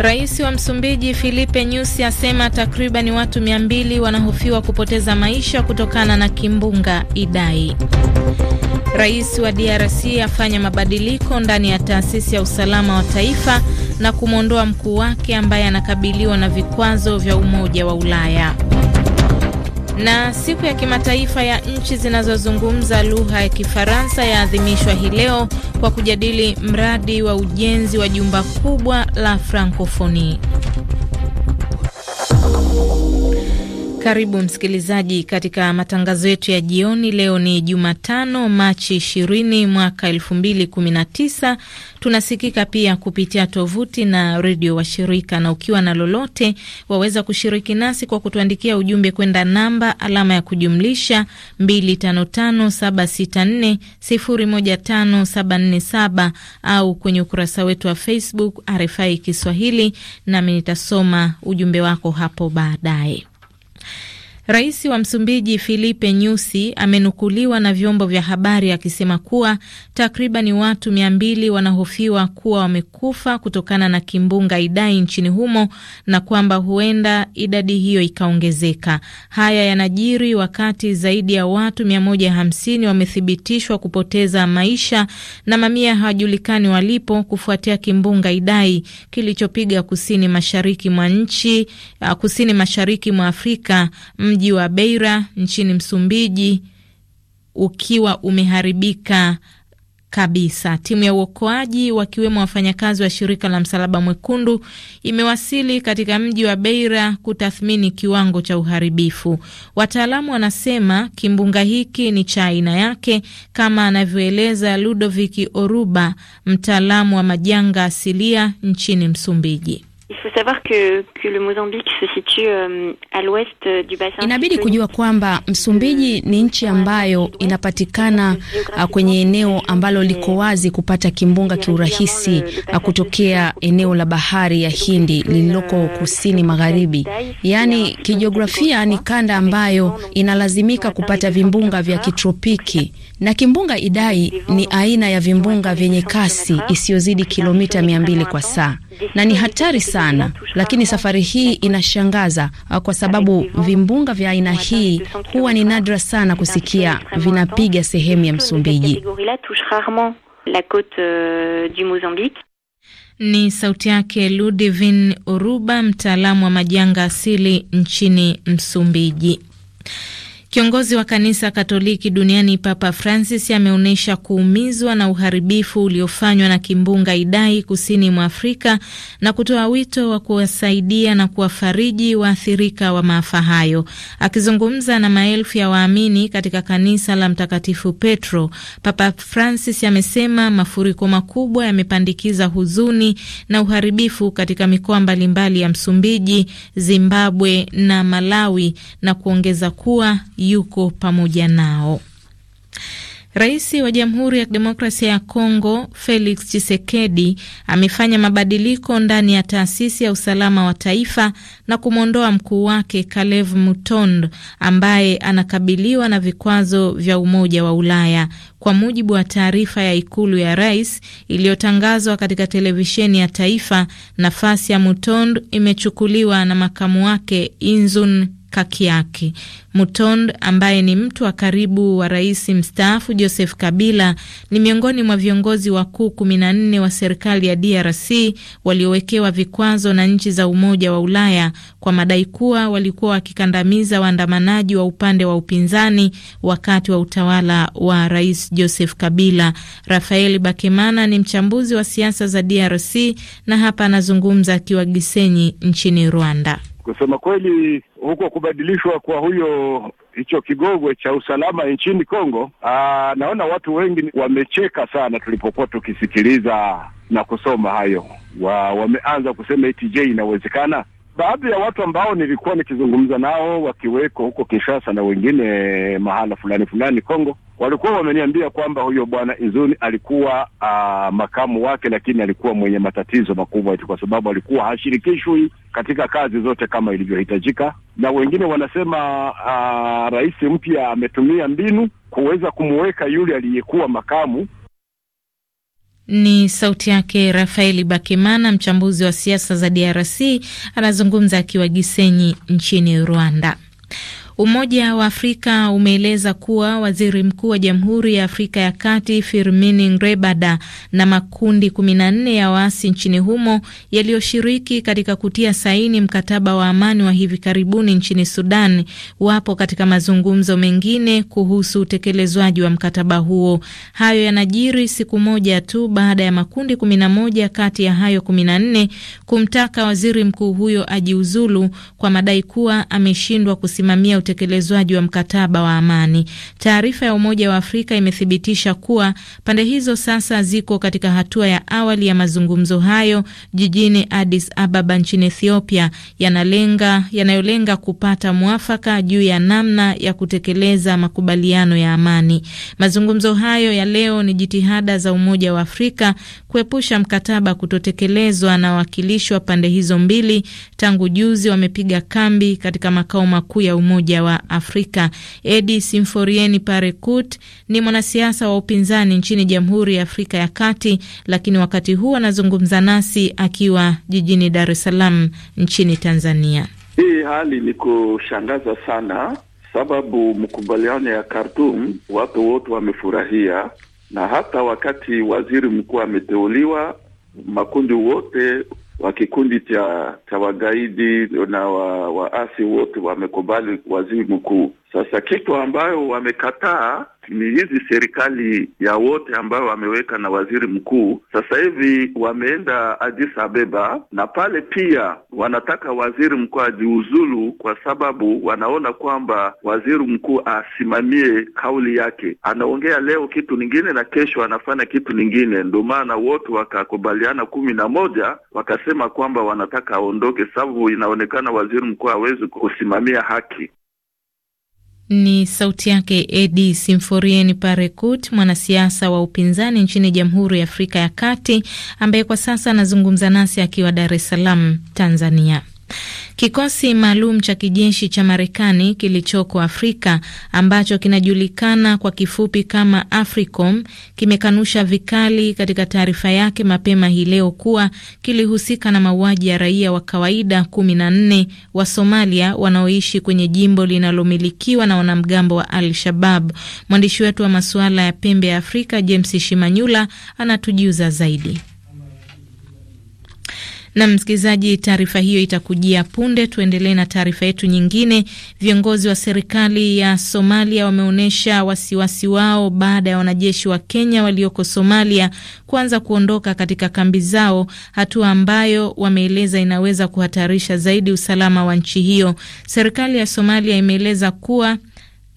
Rais wa Msumbiji Filipe Nyusi asema takriban watu 200 wanahofiwa kupoteza maisha kutokana na kimbunga Idai. Rais wa DRC afanya mabadiliko ndani ya taasisi ya usalama wa taifa na kumwondoa mkuu wake ambaye anakabiliwa na vikwazo vya Umoja wa Ulaya. Na siku ya kimataifa ya nchi zinazozungumza lugha ya Kifaransa yaadhimishwa hii leo kwa kujadili mradi wa ujenzi wa jumba kubwa la Frankofoni. Karibu msikilizaji katika matangazo yetu ya jioni. Leo ni Jumatano, Machi 20 mwaka 2019. Tunasikika pia kupitia tovuti na redio washirika, na ukiwa na lolote waweza kushiriki nasi kwa kutuandikia ujumbe kwenda namba alama ya kujumlisha 255764015747 au kwenye ukurasa wetu wa Facebook RFI Kiswahili, nami nitasoma ujumbe wako hapo baadaye. Rais wa Msumbiji Filipe Nyusi amenukuliwa na vyombo vya habari akisema kuwa takribani watu mia mbili wanahofiwa kuwa wamekufa kutokana na kimbunga Idai nchini humo na kwamba huenda idadi hiyo ikaongezeka. Haya yanajiri wakati zaidi ya watu 150 wamethibitishwa kupoteza maisha na mamia hawajulikani walipo kufuatia kimbunga Idai kilichopiga kusini mashariki mwa nchi, kusini mashariki mwa Afrika mji wa Beira nchini Msumbiji ukiwa umeharibika kabisa. Timu ya uokoaji wakiwemo wafanyakazi wa shirika la Msalaba Mwekundu imewasili katika mji wa Beira kutathmini kiwango cha uharibifu. Wataalamu wanasema kimbunga hiki ni cha aina yake, kama anavyoeleza ludovik Oruba, mtaalamu wa majanga asilia nchini Msumbiji. Il faut savoir que, que le Mozambique se situe um, à l'ouest euh, du bassin. Inabidi kujua kwamba Msumbiji ni nchi ambayo inapatikana uh, kwenye eneo ambalo liko wazi kupata kimbunga kiurahisi uh, kutokea eneo la bahari ya Hindi lililoko kusini magharibi. Yaani kijiografia ni kanda ambayo inalazimika kupata vimbunga vya kitropiki na kimbunga Idai ni aina ya vimbunga vyenye kasi isiyozidi kilomita mia mbili kwa saa na ni hatari sana, lakini safari hii inashangaza uh, kwa sababu vimbunga vya aina hii huwa ni nadra sana kusikia vinapiga sehemu ya Msumbiji. Ni sauti yake Ludivin uruba mtaalamu wa majanga asili nchini Msumbiji. Kiongozi wa kanisa Katoliki duniani Papa Francis ameonyesha kuumizwa na uharibifu uliofanywa na kimbunga Idai kusini mwa Afrika na kutoa wito wa kuwasaidia na kuwafariji waathirika wa maafa hayo. Akizungumza na maelfu ya waamini katika kanisa la Mtakatifu Petro, Papa Francis amesema mafuriko makubwa yamepandikiza huzuni na uharibifu katika mikoa mbalimbali ya Msumbiji, Zimbabwe na Malawi na kuongeza kuwa yuko pamoja nao. Rais wa Jamhuri ya Kidemokrasia ya Kongo Felix Tshisekedi amefanya mabadiliko ndani ya taasisi ya usalama wa taifa na kumwondoa mkuu wake Kalev mutond ambaye anakabiliwa na vikwazo vya Umoja wa Ulaya, kwa mujibu wa taarifa ya Ikulu ya rais iliyotangazwa katika televisheni ya taifa. Nafasi ya mutond imechukuliwa na makamu wake Inzun Kakiaki. Mutond ambaye ni mtu wa karibu wa rais mstaafu Joseph Kabila ni miongoni mwa viongozi wakuu kumi na nne wa serikali ya DRC waliowekewa vikwazo na nchi za Umoja wa Ulaya kwa madai kuwa walikuwa wakikandamiza waandamanaji wa upande wa upinzani wakati wa utawala wa rais Joseph Kabila. Rafael Bakemana ni mchambuzi wa siasa za DRC na hapa anazungumza akiwa Gisenyi nchini Rwanda. Kusema kweli, huko kubadilishwa kwa huyo hicho kigogwe cha usalama nchini Kongo, aa, ah, naona watu wengi wamecheka sana tulipokuwa tukisikiliza na kusoma hayo wa, wameanza kusema eti je, inawezekana? Baadhi ya watu ambao nilikuwa nikizungumza nao wakiweko huko Kinshasa na wengine mahala fulani fulani Kongo walikuwa wameniambia kwamba huyo bwana Izuni alikuwa aa, ah, makamu wake, lakini alikuwa mwenye matatizo makubwa tu, kwa sababu alikuwa hashirikishwi katika kazi zote kama ilivyohitajika, na wengine wanasema ah, rais mpya ametumia mbinu kuweza kumuweka yule aliyekuwa makamu. Ni sauti yake Rafaeli Bakemana, mchambuzi wa siasa za DRC, anazungumza akiwa Gisenyi nchini Rwanda. Umoja wa Afrika umeeleza kuwa waziri mkuu wa Jamhuri ya Afrika ya Kati Firmin Ngrebada na makundi 14 ya waasi nchini humo yaliyoshiriki katika kutia saini mkataba wa amani wa hivi karibuni nchini Sudan wapo katika mazungumzo mengine kuhusu utekelezwaji wa mkataba huo. Hayo yanajiri siku moja tu baada ya makundi 11 kati ya hayo 14 kumtaka waziri mkuu huyo ajiuzulu kwa madai kuwa ameshindwa kusimamia utekelezwaji wa mkataba wa amani. Taarifa ya Umoja wa Afrika imethibitisha kuwa pande hizo sasa ziko katika hatua ya awali ya mazungumzo hayo jijini Addis Ababa nchini Ethiopia, yanalenga yanayolenga kupata mwafaka juu ya namna ya kutekeleza makubaliano ya amani. Mazungumzo hayo ya leo ni jitihada za Umoja wa Afrika kuepusha mkataba kutotekelezwa na wawakilishi wa pande hizo mbili tangu juzi wamepiga kambi katika makao makuu ya Umoja Umoja wa Afrika. Edi Simforieni Parekut ni mwanasiasa wa upinzani nchini Jamhuri ya Afrika ya Kati, lakini wakati huu anazungumza nasi akiwa jijini Dar es Salaam nchini Tanzania. Hii hali ni kushangaza sana, sababu mkubaliano ya Khartoum watu wote wamefurahia, na hata wakati waziri mkuu ameteuliwa, makundi wote wa kikundi cha wagaidi na waasi wa wote wamekubali waziri mkuu sasa kitu ambayo wamekataa ni hizi serikali ya wote ambayo wameweka na waziri mkuu. Sasa hivi wameenda Addis Abeba, na pale pia wanataka waziri mkuu ajiuzulu, kwa sababu wanaona kwamba waziri mkuu asimamie kauli yake. Anaongea leo kitu ningine na kesho anafanya kitu ningine. Ndio maana wote wakakubaliana kumi na moja wakasema kwamba wanataka aondoke, sababu inaonekana waziri mkuu hawezi kusimamia haki. Ni sauti yake Edi Simforien Parekut, mwanasiasa wa upinzani nchini Jamhuri ya Afrika ya Kati, ambaye kwa sasa anazungumza nasi akiwa Dar es Salaam, Tanzania. Kikosi maalum cha kijeshi cha Marekani kilichoko Afrika ambacho kinajulikana kwa kifupi kama AFRICOM kimekanusha vikali katika taarifa yake mapema hii leo kuwa kilihusika na mauaji ya raia wa kawaida 14 wa Somalia wanaoishi kwenye jimbo linalomilikiwa na wanamgambo wa Al-Shabab. Mwandishi wetu wa masuala ya pembe ya Afrika James Shimanyula anatujuza zaidi. Na msikilizaji, taarifa hiyo itakujia punde. Tuendelee na taarifa yetu nyingine. Viongozi wa serikali ya Somalia wameonyesha wasiwasi wao baada ya wanajeshi wa Kenya walioko Somalia kuanza kuondoka katika kambi zao, hatua ambayo wameeleza inaweza kuhatarisha zaidi usalama wa nchi hiyo. Serikali ya Somalia imeeleza kuwa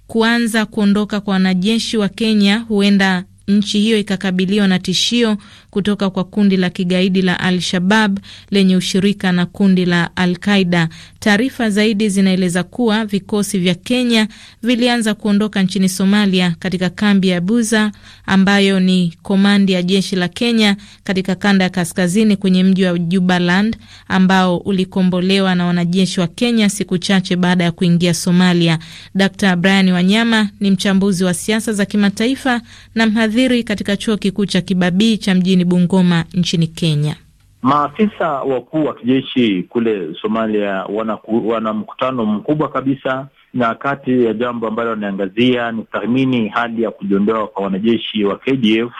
kuanza kuondoka kwa wanajeshi wa Kenya huenda nchi hiyo ikakabiliwa na tishio kutoka kwa kundi la kigaidi la Al-Shabab lenye ushirika na kundi la Al-Qaida. Taarifa zaidi zinaeleza kuwa vikosi vya Kenya vilianza kuondoka nchini Somalia katika kambi ya Buza ambayo ni komandi ya jeshi la Kenya katika kanda ya kaskazini kwenye mji wa Jubaland ambao ulikombolewa na wanajeshi wa Kenya siku chache baada ya kuingia Somalia. Dr. Brian Wanyama ni mchambuzi wa siasa za kimataifa na mhadhiri katika chuo kikuu cha Kibabii cha mjini mkoani Bungoma nchini Kenya. Maafisa wakuu wa kijeshi kule Somalia wana, wana mkutano mkubwa kabisa, na kati ya jambo ambalo wanaangazia ni kutathmini hali ya kujiondoa kwa wanajeshi wa KDF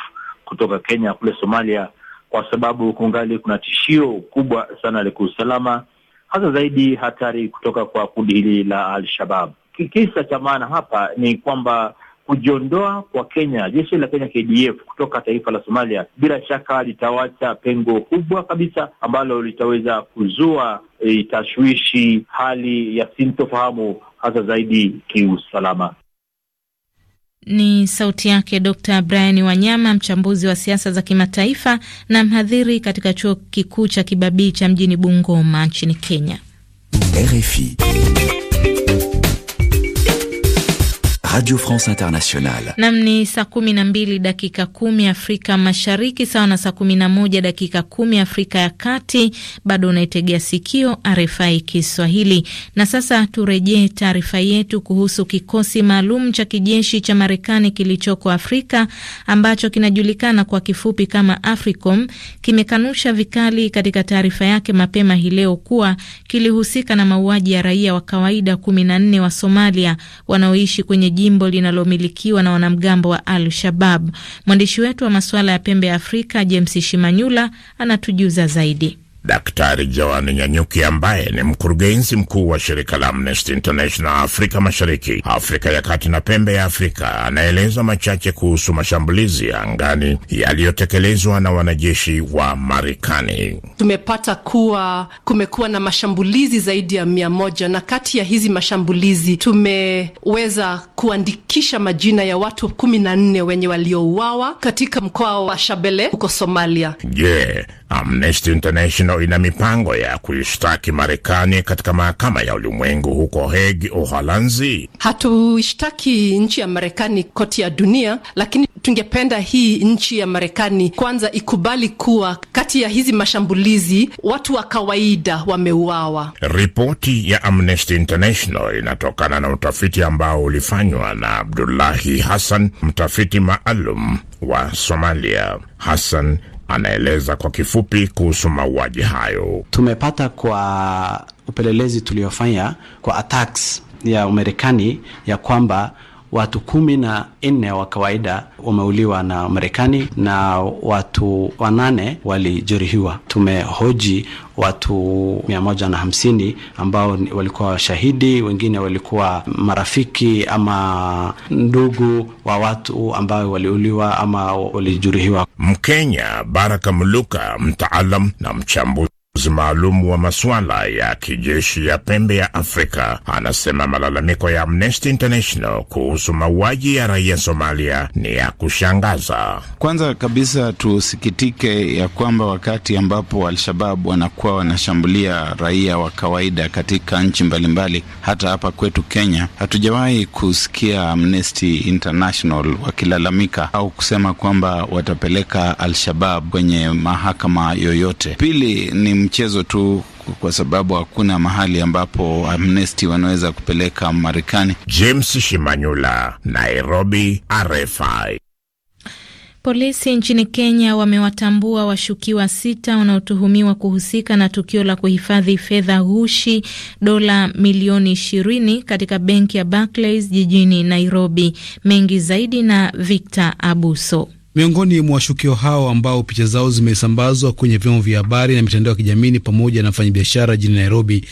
kutoka Kenya kule Somalia, kwa sababu kungali kuna tishio kubwa sana la kiusalama, hasa zaidi hatari kutoka kwa kundi hili la Al-Shabab. Kisa cha maana hapa ni kwamba kujiondoa kwa Kenya, jeshi la Kenya KDF kutoka taifa la Somalia bila shaka litawacha pengo kubwa kabisa ambalo litaweza kuzua e, tashwishi, hali ya sintofahamu, hasa zaidi kiusalama. Ni sauti yake Dr Brian Wanyama, mchambuzi wa siasa za kimataifa na mhadhiri katika chuo kikuu cha Kibabii cha mjini Bungoma nchini Kenya. RFI. Radio France Internationale. Nam ni saa kumi na mbili dakika kumi Afrika Mashariki, sawa na saa kumi na moja dakika kumi Afrika ya Kati. Bado unaitegea sikio RFI Kiswahili. Na sasa turejee taarifa yetu kuhusu kikosi maalum cha kijeshi cha Marekani kilichoko Afrika ambacho kinajulikana kwa kifupi kama AFRICOM kimekanusha vikali katika taarifa yake mapema hii leo kuwa kilihusika na mauaji ya raia wa kawaida 14 wa Somalia wanaoishi kwenye jimbo linalomilikiwa na wanamgambo wa Al Shabab. Mwandishi wetu wa masuala ya pembe ya Afrika James Shimanyula anatujuza zaidi. Daktari Joan Nyanyuki ambaye ni mkurugenzi mkuu wa shirika la Amnesty International Afrika Mashariki, Afrika ya Kati na Pembe ya Afrika anaeleza machache kuhusu mashambulizi ya angani yaliyotekelezwa na wanajeshi wa Marekani. Tumepata kuwa kumekuwa na mashambulizi zaidi ya mia moja na kati ya hizi mashambulizi tumeweza kuandikisha majina ya watu kumi na nne wenye waliouawa katika mkoa wa Shabele huko Somalia. Je, yeah, Amnesty International Ufilipino ina mipango ya kuishtaki Marekani katika mahakama ya ulimwengu huko Hague, Uholanzi. Hatuishtaki nchi ya Marekani koti ya dunia, lakini tungependa hii nchi ya Marekani kwanza ikubali kuwa kati ya hizi mashambulizi watu wa kawaida wameuawa. Ripoti ya Amnesty International inatokana na utafiti ambao ulifanywa na Abdullahi Hassan, mtafiti maalum wa Somalia. Hassan anaeleza kwa kifupi kuhusu mauaji hayo. Tumepata kwa upelelezi tuliofanya kwa attacks ya umerekani ya kwamba watu kumi na nne wa kawaida wameuliwa na Marekani na watu wanane walijeruhiwa. Tumehoji watu mia moja na hamsini ambao walikuwa shahidi, wengine walikuwa marafiki ama ndugu wa watu ambao waliuliwa ama walijeruhiwa. Mkenya Baraka Muluka, mtaalam na mchambuzi maalum wa masuala ya kijeshi ya pembe ya Afrika anasema malalamiko ya Amnesty International kuhusu mauaji ya raia Somalia ni ya kushangaza. Kwanza kabisa tusikitike ya kwamba wakati ambapo Al-Shabaab wanakuwa wanashambulia raia wa kawaida katika nchi mbalimbali, hata hapa kwetu Kenya, hatujawahi kusikia Amnesty International wakilalamika au kusema kwamba watapeleka al kwenye mahakama yoyote. Pili ni mchezo tu kwa sababu hakuna mahali ambapo Amnesty wanaweza kupeleka Marekani. James Shimanyula, Nairobi, RFI. Polisi nchini Kenya wamewatambua washukiwa sita wanaotuhumiwa kuhusika na tukio la kuhifadhi fedha ghushi dola milioni ishirini katika benki ya Barclays jijini Nairobi. Mengi zaidi na Victor Abuso. Miongoni mwa washukio hao ambao picha zao zimesambazwa kwenye vyombo vya habari na mitandao ya kijamii ni pamoja na mfanyabiashara jijini Nairobi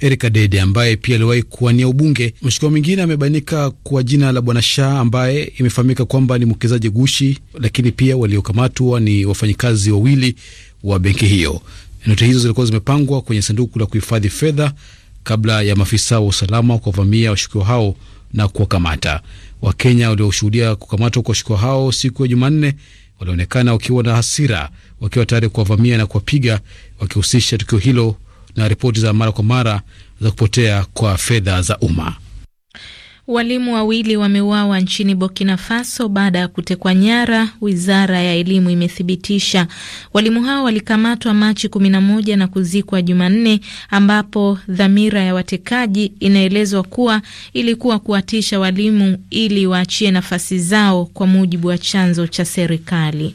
Eric Dede ambaye pia aliwahi kuwania ubunge. Mshukio mwingine amebainika kwa jina la Bwana Sha ambaye imefahamika kwamba ni mwekezaji gushi, lakini pia waliokamatwa ni wafanyikazi wawili wa benki hiyo. Noti hizo zilikuwa zimepangwa kwenye sanduku la kuhifadhi fedha kabla ya maafisa wa usalama kuwavamia washukiwa hao na kuwakamata. Wakenya walioshuhudia kukamatwa kwa washukiwa hao siku ya Jumanne walionekana wakiwa na hasira, wakiwa tayari kuwavamia na kuwapiga, wakihusisha tukio hilo na ripoti za mara kwa mara za kupotea kwa fedha za umma. Walimu wawili wameuawa nchini Burkina Faso baada ya kutekwa nyara, wizara ya elimu imethibitisha. Walimu hao walikamatwa Machi 11 na kuzikwa Jumanne, ambapo dhamira ya watekaji inaelezwa kuwa ilikuwa kuwatisha walimu ili waachie nafasi zao, kwa mujibu wa chanzo cha serikali.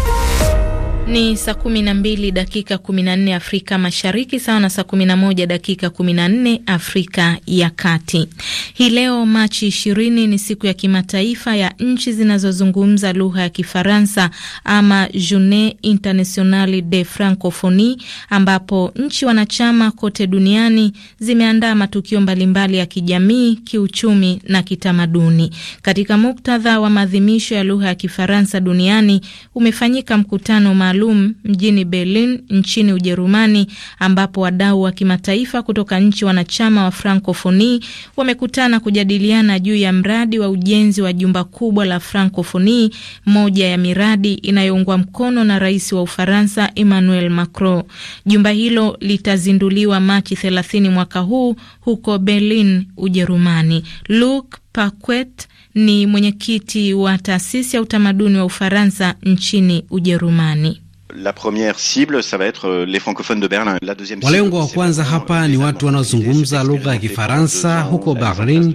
Ni saa 12 dakika 14 Afrika Mashariki, sawa na saa 11 dakika 14 Afrika ya Kati. Hii leo Machi 20 ni siku ya kimataifa ya nchi zinazozungumza lugha ya Kifaransa ama Journee Internationale de Francophonie, ambapo nchi wanachama kote duniani zimeandaa matukio mbalimbali ya kijamii, kiuchumi na kitamaduni. Katika muktadha wa maadhimisho ya lugha ya Kifaransa duniani umefanyika mkutano maalum mjini Berlin nchini Ujerumani, ambapo wadau wa kimataifa kutoka nchi wanachama wa Frankofoni wamekutana kujadiliana juu ya mradi wa ujenzi wa jumba kubwa la Frankofoni, moja ya miradi inayoungwa mkono na rais wa Ufaransa Emmanuel Macron. Jumba hilo litazinduliwa Machi 30 mwaka huu huko Berlin, Ujerumani. Luc Paquet ni mwenyekiti wa taasisi ya utamaduni wa Ufaransa nchini Ujerumani. La première cible, ça va être euh, les francophones de Berlin. La deuxième walengo wa kwanza hapa ni watu wanaozungumza lugha ya Kifaransa huko Berlin.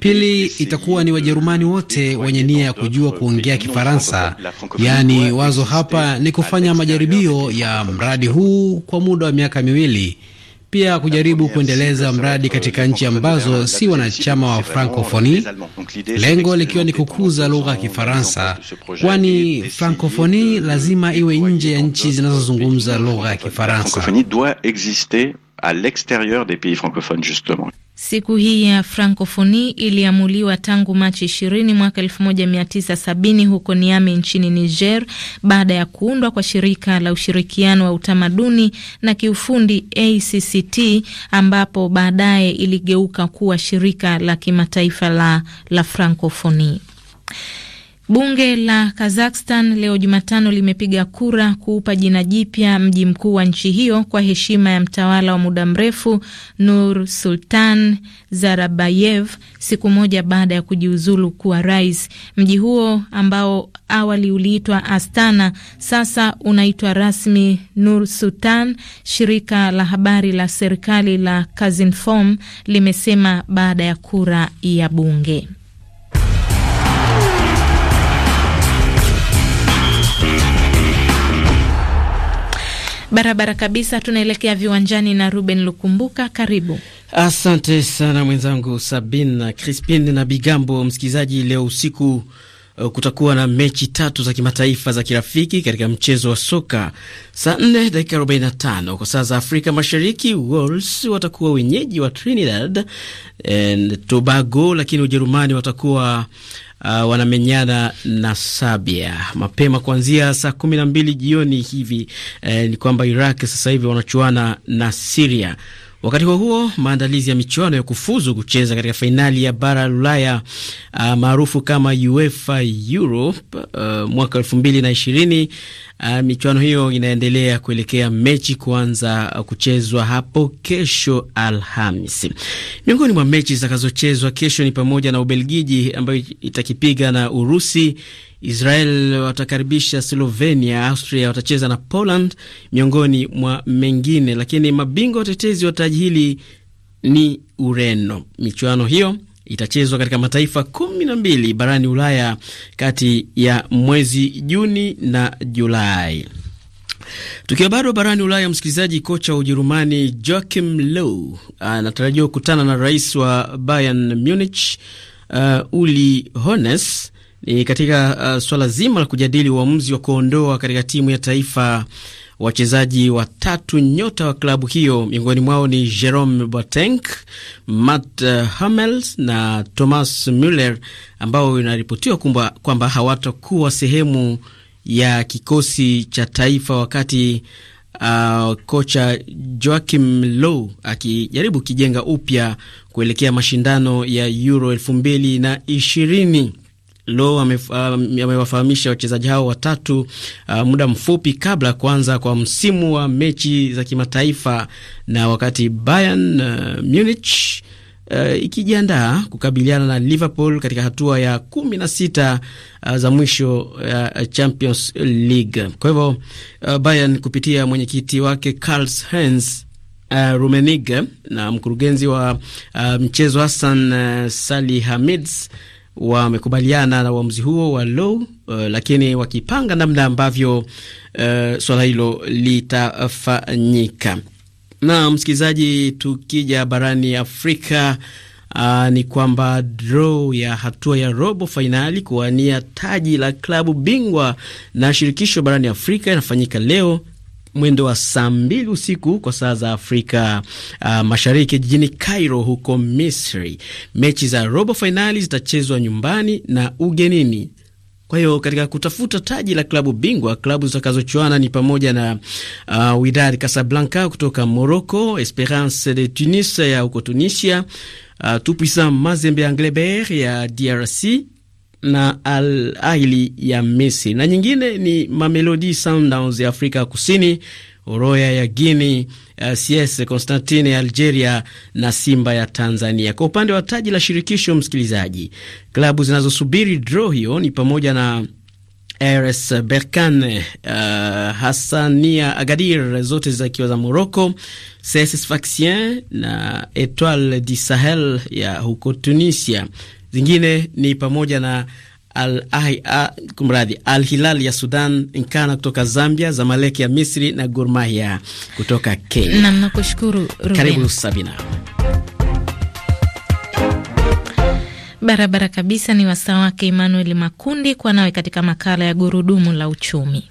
Pili itakuwa ni Wajerumani wote wenye nia ya kujua kuongea Kifaransa. Yaani wazo hapa ni kufanya majaribio ya mradi huu kwa muda wa miaka miwili pia kujaribu kuendeleza mradi katika nchi ambazo si wanachama wa francofoni lengo likiwa ni kukuza lugha ya Kifaransa, kwani Francophonie lazima iwe nje ya nchi zinazozungumza lugha ya Kifaransa. Siku hii ya Frankofoni iliamuliwa tangu Machi 20 mwaka 1970 huko Niame nchini Niger, baada ya kuundwa kwa shirika la ushirikiano wa utamaduni na kiufundi ACCT, ambapo baadaye iligeuka kuwa shirika la kimataifa la, la Frankofoni. Bunge la Kazakhstan leo Jumatano limepiga kura kuupa jina jipya mji mkuu wa nchi hiyo kwa heshima ya mtawala wa muda mrefu Nur Sultan Zarabayev, siku moja baada ya kujiuzulu kuwa rais. Mji huo ambao awali uliitwa Astana sasa unaitwa rasmi Nur Sultan, shirika la habari la serikali la Kazinform limesema baada ya kura ya bunge. barabara kabisa. Tunaelekea viwanjani na Ruben Lukumbuka, karibu. Asante sana mwenzangu Sabin na Crispin na Bigambo. Msikilizaji, leo usiku uh, kutakuwa na mechi tatu za kimataifa za kirafiki katika mchezo wa soka. Saa 4 dakika 45 kwa saa za Afrika Mashariki, Wales watakuwa wenyeji wa Trinidad and Tobago, lakini Ujerumani watakuwa uh, wanamenyana na Sabia mapema kuanzia saa kumi na mbili jioni hivi. Eh, ni kwamba Iraq sasa hivi wanachuana na Siria. Wakati huo huo, maandalizi ya michuano ya kufuzu kucheza katika fainali ya bara la Ulaya uh, maarufu kama UEFA Europe uh, mwaka elfu mbili na ishirini uh, michuano hiyo inaendelea kuelekea mechi kuanza uh, kuchezwa hapo kesho alhamis Miongoni mwa mechi zitakazochezwa kesho ni pamoja na Ubelgiji ambayo itakipiga na Urusi Israel watakaribisha Slovenia, Austria watacheza na Poland, miongoni mwa mengine, lakini mabingwa watetezi wa taji hili ni Ureno. Michuano hiyo itachezwa katika mataifa kumi na mbili barani Ulaya kati ya mwezi Juni na Julai. Tukiwa bado barani Ulaya, msikilizaji, kocha wa Ujerumani Joachim Low anatarajiwa kukutana na rais wa Bayern Munich uh, Uli Hones ni katika uh, swala zima la kujadili uamuzi wa kuondoa katika timu ya taifa wachezaji watatu nyota wa klabu hiyo. Miongoni mwao ni Jerome Boateng, Matt uh, Hummels na Thomas Muller ambao inaripotiwa kwamba hawatakuwa sehemu ya kikosi cha taifa wakati Uh, kocha Joachim Low akijaribu kijenga upya kuelekea mashindano ya Euro elfu mbili na ishirini. Lo amewafahamisha wachezaji hao watatu uh, muda mfupi kabla ya kuanza kwa msimu wa mechi za kimataifa, na wakati Bayern uh, Munich uh, ikijiandaa kukabiliana na Liverpool katika hatua ya kumi na sita uh, za mwisho ya uh, Champions League. Kwa hivyo uh, Bayern kupitia mwenyekiti wake Karl-Heinz Uh, Rummenigge na mkurugenzi wa uh, mchezo Hassan uh, hamids wamekubaliana na uamuzi huo wa Low, uh, lakini wakipanga namna ambavyo uh, swala hilo litafanyika. Na msikilizaji, tukija barani Afrika uh, ni kwamba draw ya hatua ya robo fainali kuwania taji la klabu bingwa na shirikisho barani Afrika inafanyika leo mwendo wa saa mbili usiku kwa saa za Afrika uh, Mashariki, jijini Cairo huko Misri. Mechi za robo fainali zitachezwa nyumbani na ugenini. Kwa hiyo katika kutafuta taji la klabu bingwa, klabu zitakazochuana ni pamoja na uh, Widad Casablanca kutoka Morocco, Esperance de Tunis ya huko Tunisia, uh, Tupuisa Mazembe Anglebert ya DRC na Al Ahli ya Misri, na nyingine ni Mamelodi Sundowns ya Afrika Kusini, oroya ya Guinea, CS eh, Constantine ya Algeria na Simba ya Tanzania. Kwa upande wa taji la shirikisho, msikilizaji, klabu zinazosubiri draw hiyo ni pamoja na RS Berkane, uh, Hassania Agadir zote zikiwa za Morocco, CS Sfaxien na Etoile du Sahel ya huko Tunisia. Zingine ni pamoja na Al, kumradhi, Al Hilal ya Sudan, Nkana kutoka Zambia, Zamalek ya Misri na Gor Mahia kutoka Kenya. nakushukuru. Karibu Sabina. Barabara kabisa ni wasaa wake Emmanuel Makundi kwa nawe katika makala ya gurudumu la uchumi.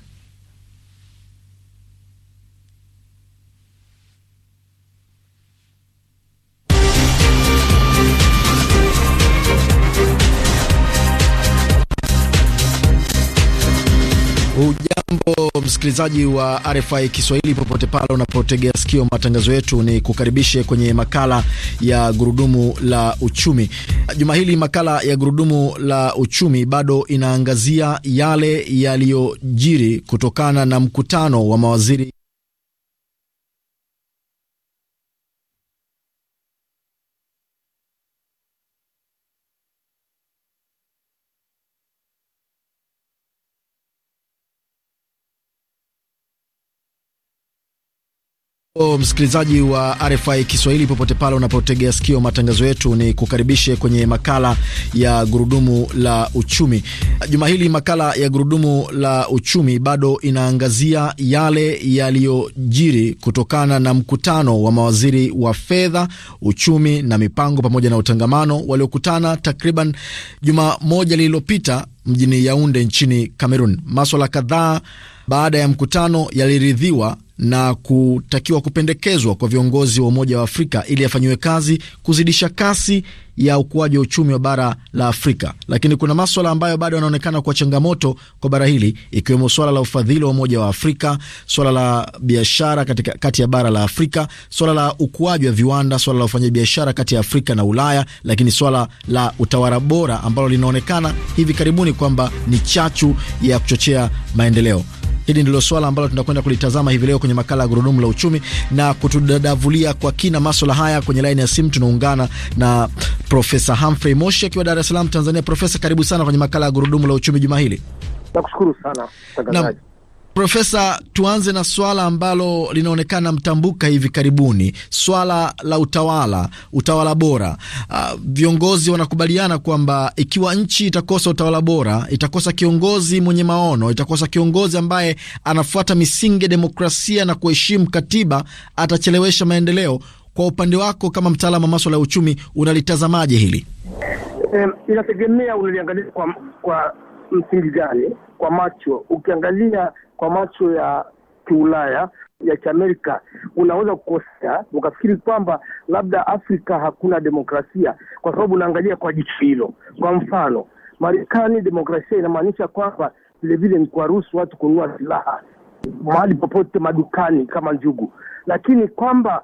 msikilizaji wa RFI Kiswahili popote pale unapotegea sikio matangazo yetu, ni kukaribishe kwenye makala ya gurudumu la uchumi. Juma hili makala ya gurudumu la uchumi bado inaangazia yale yaliyojiri kutokana na mkutano wa mawaziri O, msikilizaji wa RFI Kiswahili popote pale unapotegea sikio matangazo yetu, ni kukaribishe kwenye makala ya gurudumu la uchumi. Juma hili makala ya gurudumu la uchumi bado inaangazia yale yaliyojiri kutokana na mkutano wa mawaziri wa fedha, uchumi na mipango pamoja na utangamano waliokutana takriban juma moja lililopita mjini Yaunde nchini Kamerun. Maswala kadhaa baada ya mkutano yaliridhiwa na kutakiwa kupendekezwa kwa viongozi wa Umoja wa Afrika ili yafanyiwe kazi kuzidisha kasi ya ukuaji wa uchumi wa bara la Afrika, lakini kuna maswala ambayo bado yanaonekana kuwa changamoto kwa bara hili, ikiwemo swala la ufadhili wa Umoja wa Afrika, swala la biashara kati ya bara la Afrika, swala la ukuaji wa viwanda, swala la ufanyabiashara kati ya Afrika na Ulaya, lakini swala la utawala bora ambalo linaonekana hivi karibuni kwamba ni chachu ya kuchochea maendeleo. Hili ndilo swala ambalo tunakwenda kulitazama hivi leo kwenye makala ya gurudumu la uchumi, na kutudadavulia kwa kina maswala haya kwenye laini ya simu tunaungana na Profesa Humphrey Moshi akiwa Dar es Salaam, Tanzania. Profesa, karibu sana kwenye makala ya gurudumu la uchumi juma hili. Nakushukuru sana mtangazaji. Profesa, tuanze na swala ambalo linaonekana mtambuka hivi karibuni, swala la utawala, utawala bora. Uh, viongozi wanakubaliana kwamba ikiwa nchi itakosa utawala bora, itakosa kiongozi mwenye maono, itakosa kiongozi ambaye anafuata misingi ya demokrasia na kuheshimu katiba, atachelewesha maendeleo. Kwa upande wako kama mtaalamu wa maswala ya uchumi, unalitazamaje hili? Um, inategemea unaliangalia kwa, kwa msingi gani? Kwa macho ukiangalia kwa macho ya kiulaya ya kiamerika unaweza kukosea ukafikiri kwamba labda Afrika hakuna demokrasia, kwa sababu unaangalia kwa jicho hilo. Kwa mfano, Marekani demokrasia inamaanisha kwamba vilevile ni kuwaruhusu watu kununua silaha mahali popote madukani kama njugu, lakini kwamba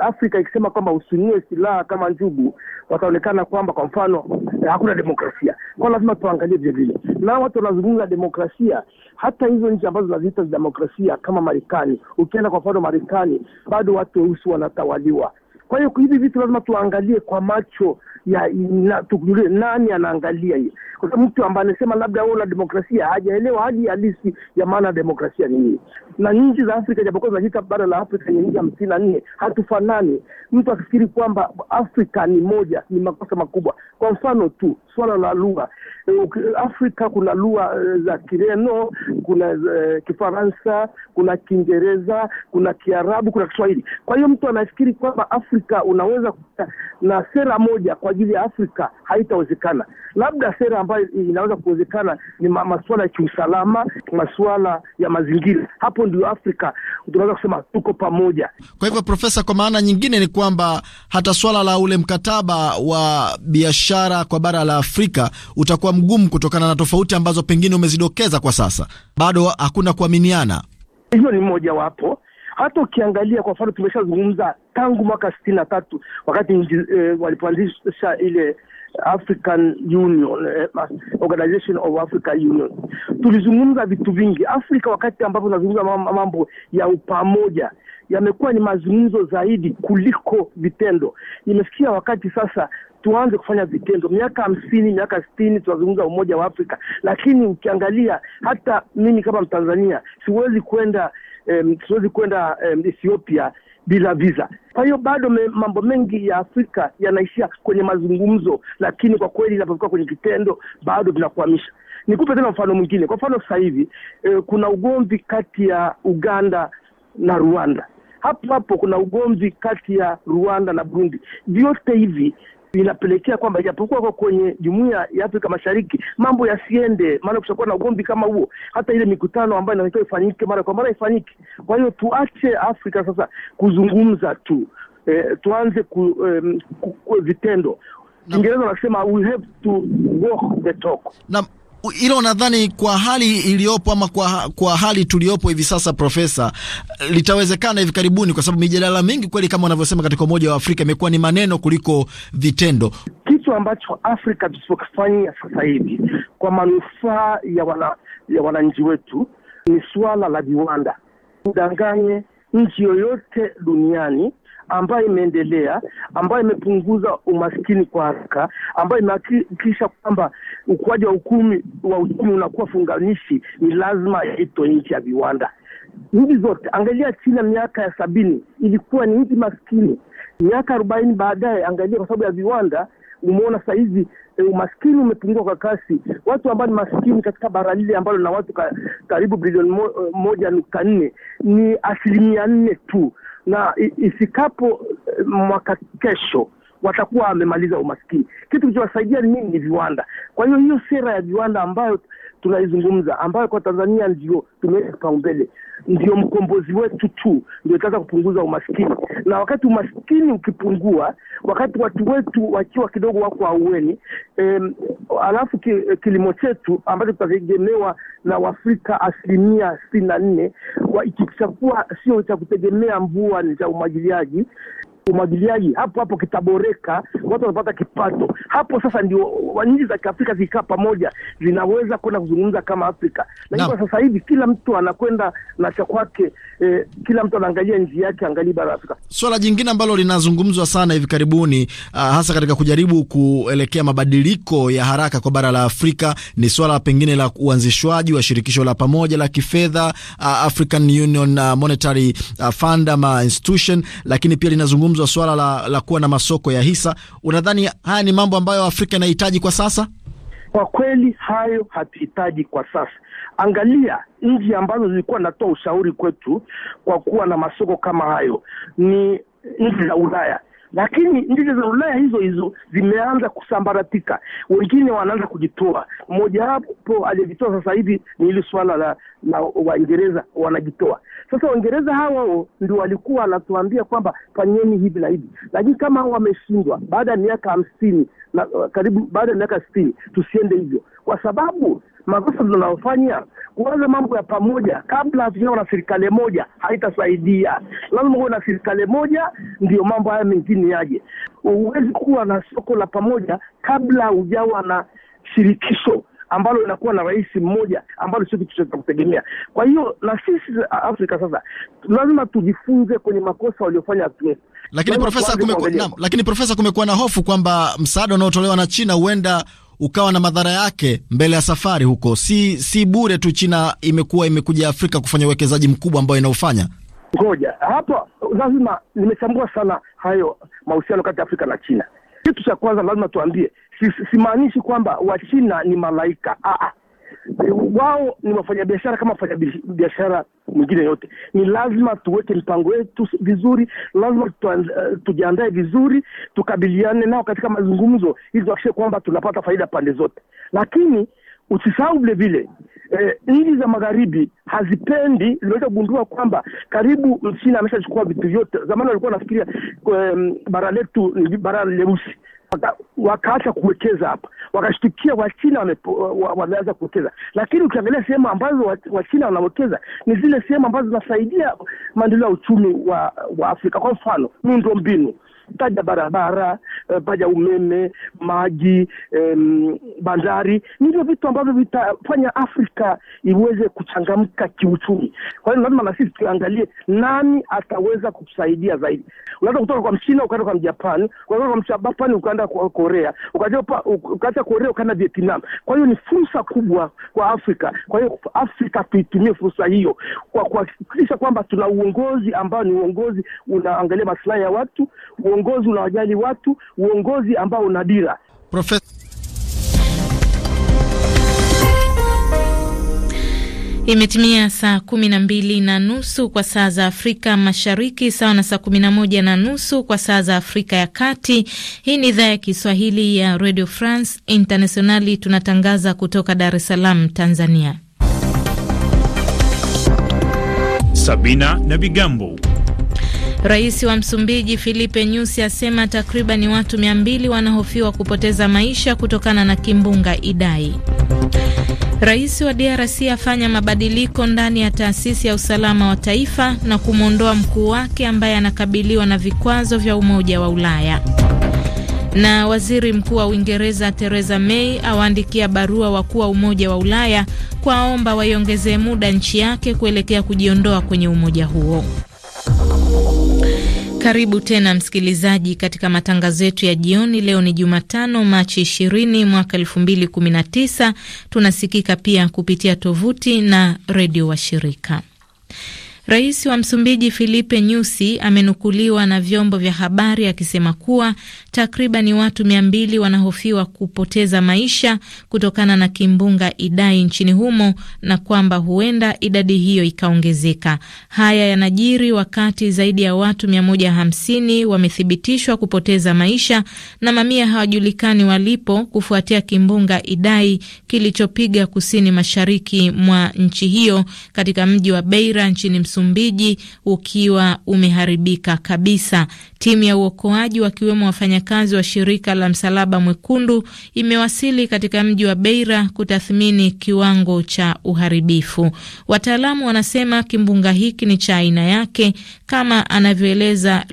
Afrika ikisema kwamba usinue silaha kama njugu, wataonekana kwamba kwa mfano eh, hakuna demokrasia kwao. Lazima tuangalie vile, na watu wanazungumza demokrasia, hata hizo nchi ambazo zinaziita demokrasia kama Marekani. Ukienda kwa mfano Marekani, bado watu weusi wanatawaliwa. Kwa hiyo hivi vitu lazima tuangalie kwa macho ya na, tukujulie nani anaangalia hii, kwa sababu mtu ambaye anasema labda na demokrasia hajaelewa hali halisi ya maana ya demokrasia ni nini na nchi za Afrika, japokuwa tunajiita bara la Afrika yenye nchi hamsini na nne, hatufanani. Mtu akifikiri kwamba Afrika ni moja ni makosa makubwa. Kwa mfano tu swala la lugha, eh, Afrika kuna lugha eh, za Kireno, kuna eh, Kifaransa, kuna Kiingereza, kuna Kiarabu, kuna Kiswahili. Kwa hiyo mtu anafikiri kwamba Afrika unaweza kuta na sera moja kwa ajili ya Afrika, haitawezekana. Labda sera ambayo inaweza kuwezekana ni masuala ya kiusalama, masuala ya mazingira hapo hapo ndio Afrika tunaweza kusema tuko pamoja. Kwa hivyo, Profesa, kwa maana nyingine ni kwamba hata swala la ule mkataba wa biashara kwa bara la Afrika utakuwa mgumu kutokana na tofauti ambazo pengine umezidokeza kwa sasa, bado hakuna kuaminiana. Hiyo ni mojawapo wapo. Hata ukiangalia kwa mfano, tumeshazungumza tangu mwaka sitini na tatu wakati e, walipoanzisha ile African Union eh, Organization of Africa Union. Tulizungumza vitu vingi Afrika, wakati ambapo tunazungumza mambo ya upamoja yamekuwa ni mazungumzo zaidi kuliko vitendo. Imefikia wakati sasa tuanze kufanya vitendo. Miaka hamsini, miaka sitini tunazungumza umoja wa Afrika, lakini ukiangalia hata mimi kama Mtanzania siwezi kwenda Um, siwezi kwenda um, Ethiopia bila visa. Kwa hiyo bado me, mambo mengi ya Afrika yanaishia kwenye mazungumzo, lakini kwa kweli inapofikia kwenye kitendo bado vinakwamisha. Nikupe tena mfano mwingine. Kwa mfano sasa hivi e, kuna ugomvi kati ya Uganda na Rwanda hapo hapo kuna ugomvi kati ya Rwanda na Burundi. Vyote hivi inapelekea kwamba ijapokuwa kwa kwenye jumuiya ya Afrika Mashariki mambo yasiende, maana kushakuwa na ugomvi kama huo, hata ile mikutano ambayo inatakiwa ifanyike mara kwa mara ifanyike. Kwa hiyo tuache Afrika sasa kuzungumza tu e, tuanze ku, eh, ku, ku, vitendo Kiingereza wanasema we have to walk the talk. Naam hilo nadhani kwa hali iliyopo ama kwa, kwa hali tuliyopo hivi sasa, Profesa, litawezekana hivi karibuni? Kwa sababu mijadala mingi kweli, kama wanavyosema katika Umoja wa Afrika, imekuwa ni maneno kuliko vitendo, kitu ambacho Afrika tusipokifanyia sasa hivi kwa manufaa ya wana, ya wananchi wetu ni suala la viwanda. Udanganye nchi yoyote duniani ambayo imeendelea, ambayo imepunguza umaskini kwa haraka, ambayo imehakikisha kwamba ukuaji wa uchumi wa uchumi unakuwa funganishi, ni lazima ito nchi ya viwanda. Nchi zote angalia, China miaka ya sabini ilikuwa ni nchi maskini, miaka arobaini baadaye angalia, kwa sababu ya viwanda umeona sahizi e, eh, umaskini umepungua kwa kasi. Watu ambao ni maskini katika bara lile ambalo na watu ka, karibu bilioni mo, eh, moja nukta nne ni asilimia nne tu na ifikapo eh, mwaka kesho watakuwa wamemaliza umaskini. Kitu kilichowasaidia nini? Ni viwanda. Kwa hiyo hiyo sera ya viwanda ambayo tunaizungumza, ambayo kwa Tanzania ndio tumeweka kipaumbele, ndio mkombozi wetu tu, ndio itaweza kupunguza umaskini. Na wakati umaskini ukipungua, wakati watu wetu wakiwa kidogo wako aueni, eh, alafu ki, kilimo chetu ambacho tutategemewa na Waafrika asilimia sitini na nne kitakuwa sio cha kutegemea mvua, ni cha umwagiliaji umwagiliaji, hapo hapo kitaboreka, watu wanapata kipato hapo. Sasa ndio nchi za Kiafrika zikaa pamoja zinaweza kwenda kuzungumza kama Afrika, lakini kwa sasa hivi kila mtu anakwenda na cha kwake eh, kila mtu anaangalia njia yake, angalii bara Afrika. Swala jingine ambalo linazungumzwa sana hivi karibuni, uh, hasa katika kujaribu kuelekea mabadiliko ya haraka kwa bara la Afrika ni swala pengine la uanzishwaji wa shirikisho la pamoja la kifedha, uh, African Union uh, Monetary uh, Fund ama institution, lakini pia linazungumza linazungumzwa swala la, la kuwa na masoko ya hisa. Unadhani haya ni mambo ambayo Afrika inahitaji kwa sasa? Kwa kweli hayo hatuhitaji kwa sasa. Angalia nchi ambazo zilikuwa natoa ushauri kwetu kwa kuwa na masoko kama hayo ni nchi za Ulaya lakini nchi za Ulaya hizo hizo zimeanza kusambaratika, wengine wanaanza kujitoa. Mmojawapo aliyejitoa sasa hivi ni hili suala la, la Waingereza wanajitoa sasa. Waingereza hao ndio walikuwa wanatuambia kwamba fanyeni hivi na hivi, lakini kama hao wameshindwa baada ya miaka hamsini na karibu baada ya miaka sitini, tusiende hivyo kwa sababu makosa tunayofanya kuanza mambo ya pamoja kabla hatujawa na serikali moja haitasaidia. Lazima huwe na serikali moja, ndiyo mambo haya mengine yaje. Huwezi kuwa na soko la pamoja kabla hujawa na shirikisho ambalo linakuwa na rais mmoja ambalo sio kitu cha kutegemea. Kwa hiyo na sisi Afrika sasa lazima tujifunze kwenye makosa waliofanya Lakini profesa, kumekuwa na, lakini profesa, kumekuwa na hofu kwamba msaada unaotolewa na China huenda ukawa na madhara yake mbele ya safari huko. Si si bure tu China imekuwa imekuja Afrika kufanya uwekezaji mkubwa ambao inaofanya Ngoja hapa, lazima nimechambua sana hayo mahusiano kati ya Afrika na China. Kitu cha kwanza lazima tuambie, simaanishi si kwamba Wachina ni malaika. Aa, ah, ah wao ni wafanyabiashara kama wafanyabiashara mwingine yote. Ni lazima tuweke mpango yetu vizuri, lazima eh, tujiandae vizuri, tukabiliane nao katika mazungumzo ili tuakishe kwamba tunapata faida pande zote, lakini usisahau vile vile eh, nchi za magharibi hazipendi, zimeweza kugundua kwamba karibu china ameshachukua vitu vyote. Zamani walikuwa wanafikiria eh, bara letu ni bara leusi, wakaacha kuwekeza hapa, wakashtukia Wachina wameanza kuwekeza. Lakini ukiangalia sehemu ambazo Wachina wanawekeza ni zile sehemu ambazo zinasaidia maendeleo ya uchumi wa, wa Afrika. Kwa mfano miundo mbinu taja barabara, eh, taja umeme, maji, um, bandari. Ndivyo vitu ambavyo vitafanya Afrika iweze kuchangamka kiuchumi. Kwa hiyo lazima na sisi tuangalie nani ataweza kutusaidia zaidi. Unaweza kutoka kwa Mchina ukaenda kwa Mjapani, kutoka kwa Mjapani ukaenda kwa Korea, ukaacha Korea ukaenda Vietnam. Kwa hiyo ni fursa kubwa kwa Afrika. Kwa hiyo Afrika tuitumie fursa hiyo kwa kuhakikisha kwamba tuna uongozi ambao ni uongozi unaangalia masilahi ya watu uongozi uongozi unawajali watu, uongozi ambao una dira. Profes Imetimia saa kumi na mbili na nusu kwa saa za Afrika Mashariki, sawa na saa kumi na moja na nusu kwa saa za Afrika ya Kati. Hii ni idhaa ya Kiswahili ya Radio France Internationali, tunatangaza kutoka Dar es Salaam, Tanzania. Sabina na vigambo Rais wa Msumbiji Filipe Nyusi asema takribani watu 200 wanahofiwa kupoteza maisha kutokana na kimbunga Idai. Rais wa DRC afanya mabadiliko ndani ya taasisi ya usalama wa taifa na kumwondoa mkuu wake ambaye anakabiliwa na vikwazo vya Umoja wa Ulaya. Na waziri mkuu wa Uingereza Theresa May awaandikia barua wakuu wa Umoja wa Ulaya kwaomba waiongezee muda nchi yake kuelekea kujiondoa kwenye umoja huo. Karibu tena msikilizaji, katika matangazo yetu ya jioni. Leo ni Jumatano, Machi 20 mwaka 2019. Tunasikika pia kupitia tovuti na redio washirika. Rais wa Msumbiji Filipe Nyusi amenukuliwa na vyombo vya habari akisema kuwa takribani watu mia mbili wanahofiwa kupoteza maisha kutokana na kimbunga Idai nchini humo na kwamba huenda idadi hiyo ikaongezeka. Haya yanajiri wakati zaidi ya watu 150 wamethibitishwa kupoteza maisha na mamia hawajulikani walipo kufuatia kimbunga Idai kilichopiga kusini mashariki mwa nchi hiyo katika mji wa Beira nchini Msumbiji ukiwa umeharibika kabisa. Timu ya uokoaji wakiwemo wafanyakazi wa shirika la Msalaba Mwekundu imewasili katika mji wa Beira kutathmini kiwango cha uharibifu. Wataalamu wanasema kimbunga hiki ni cha aina yake, kama anavyoeleza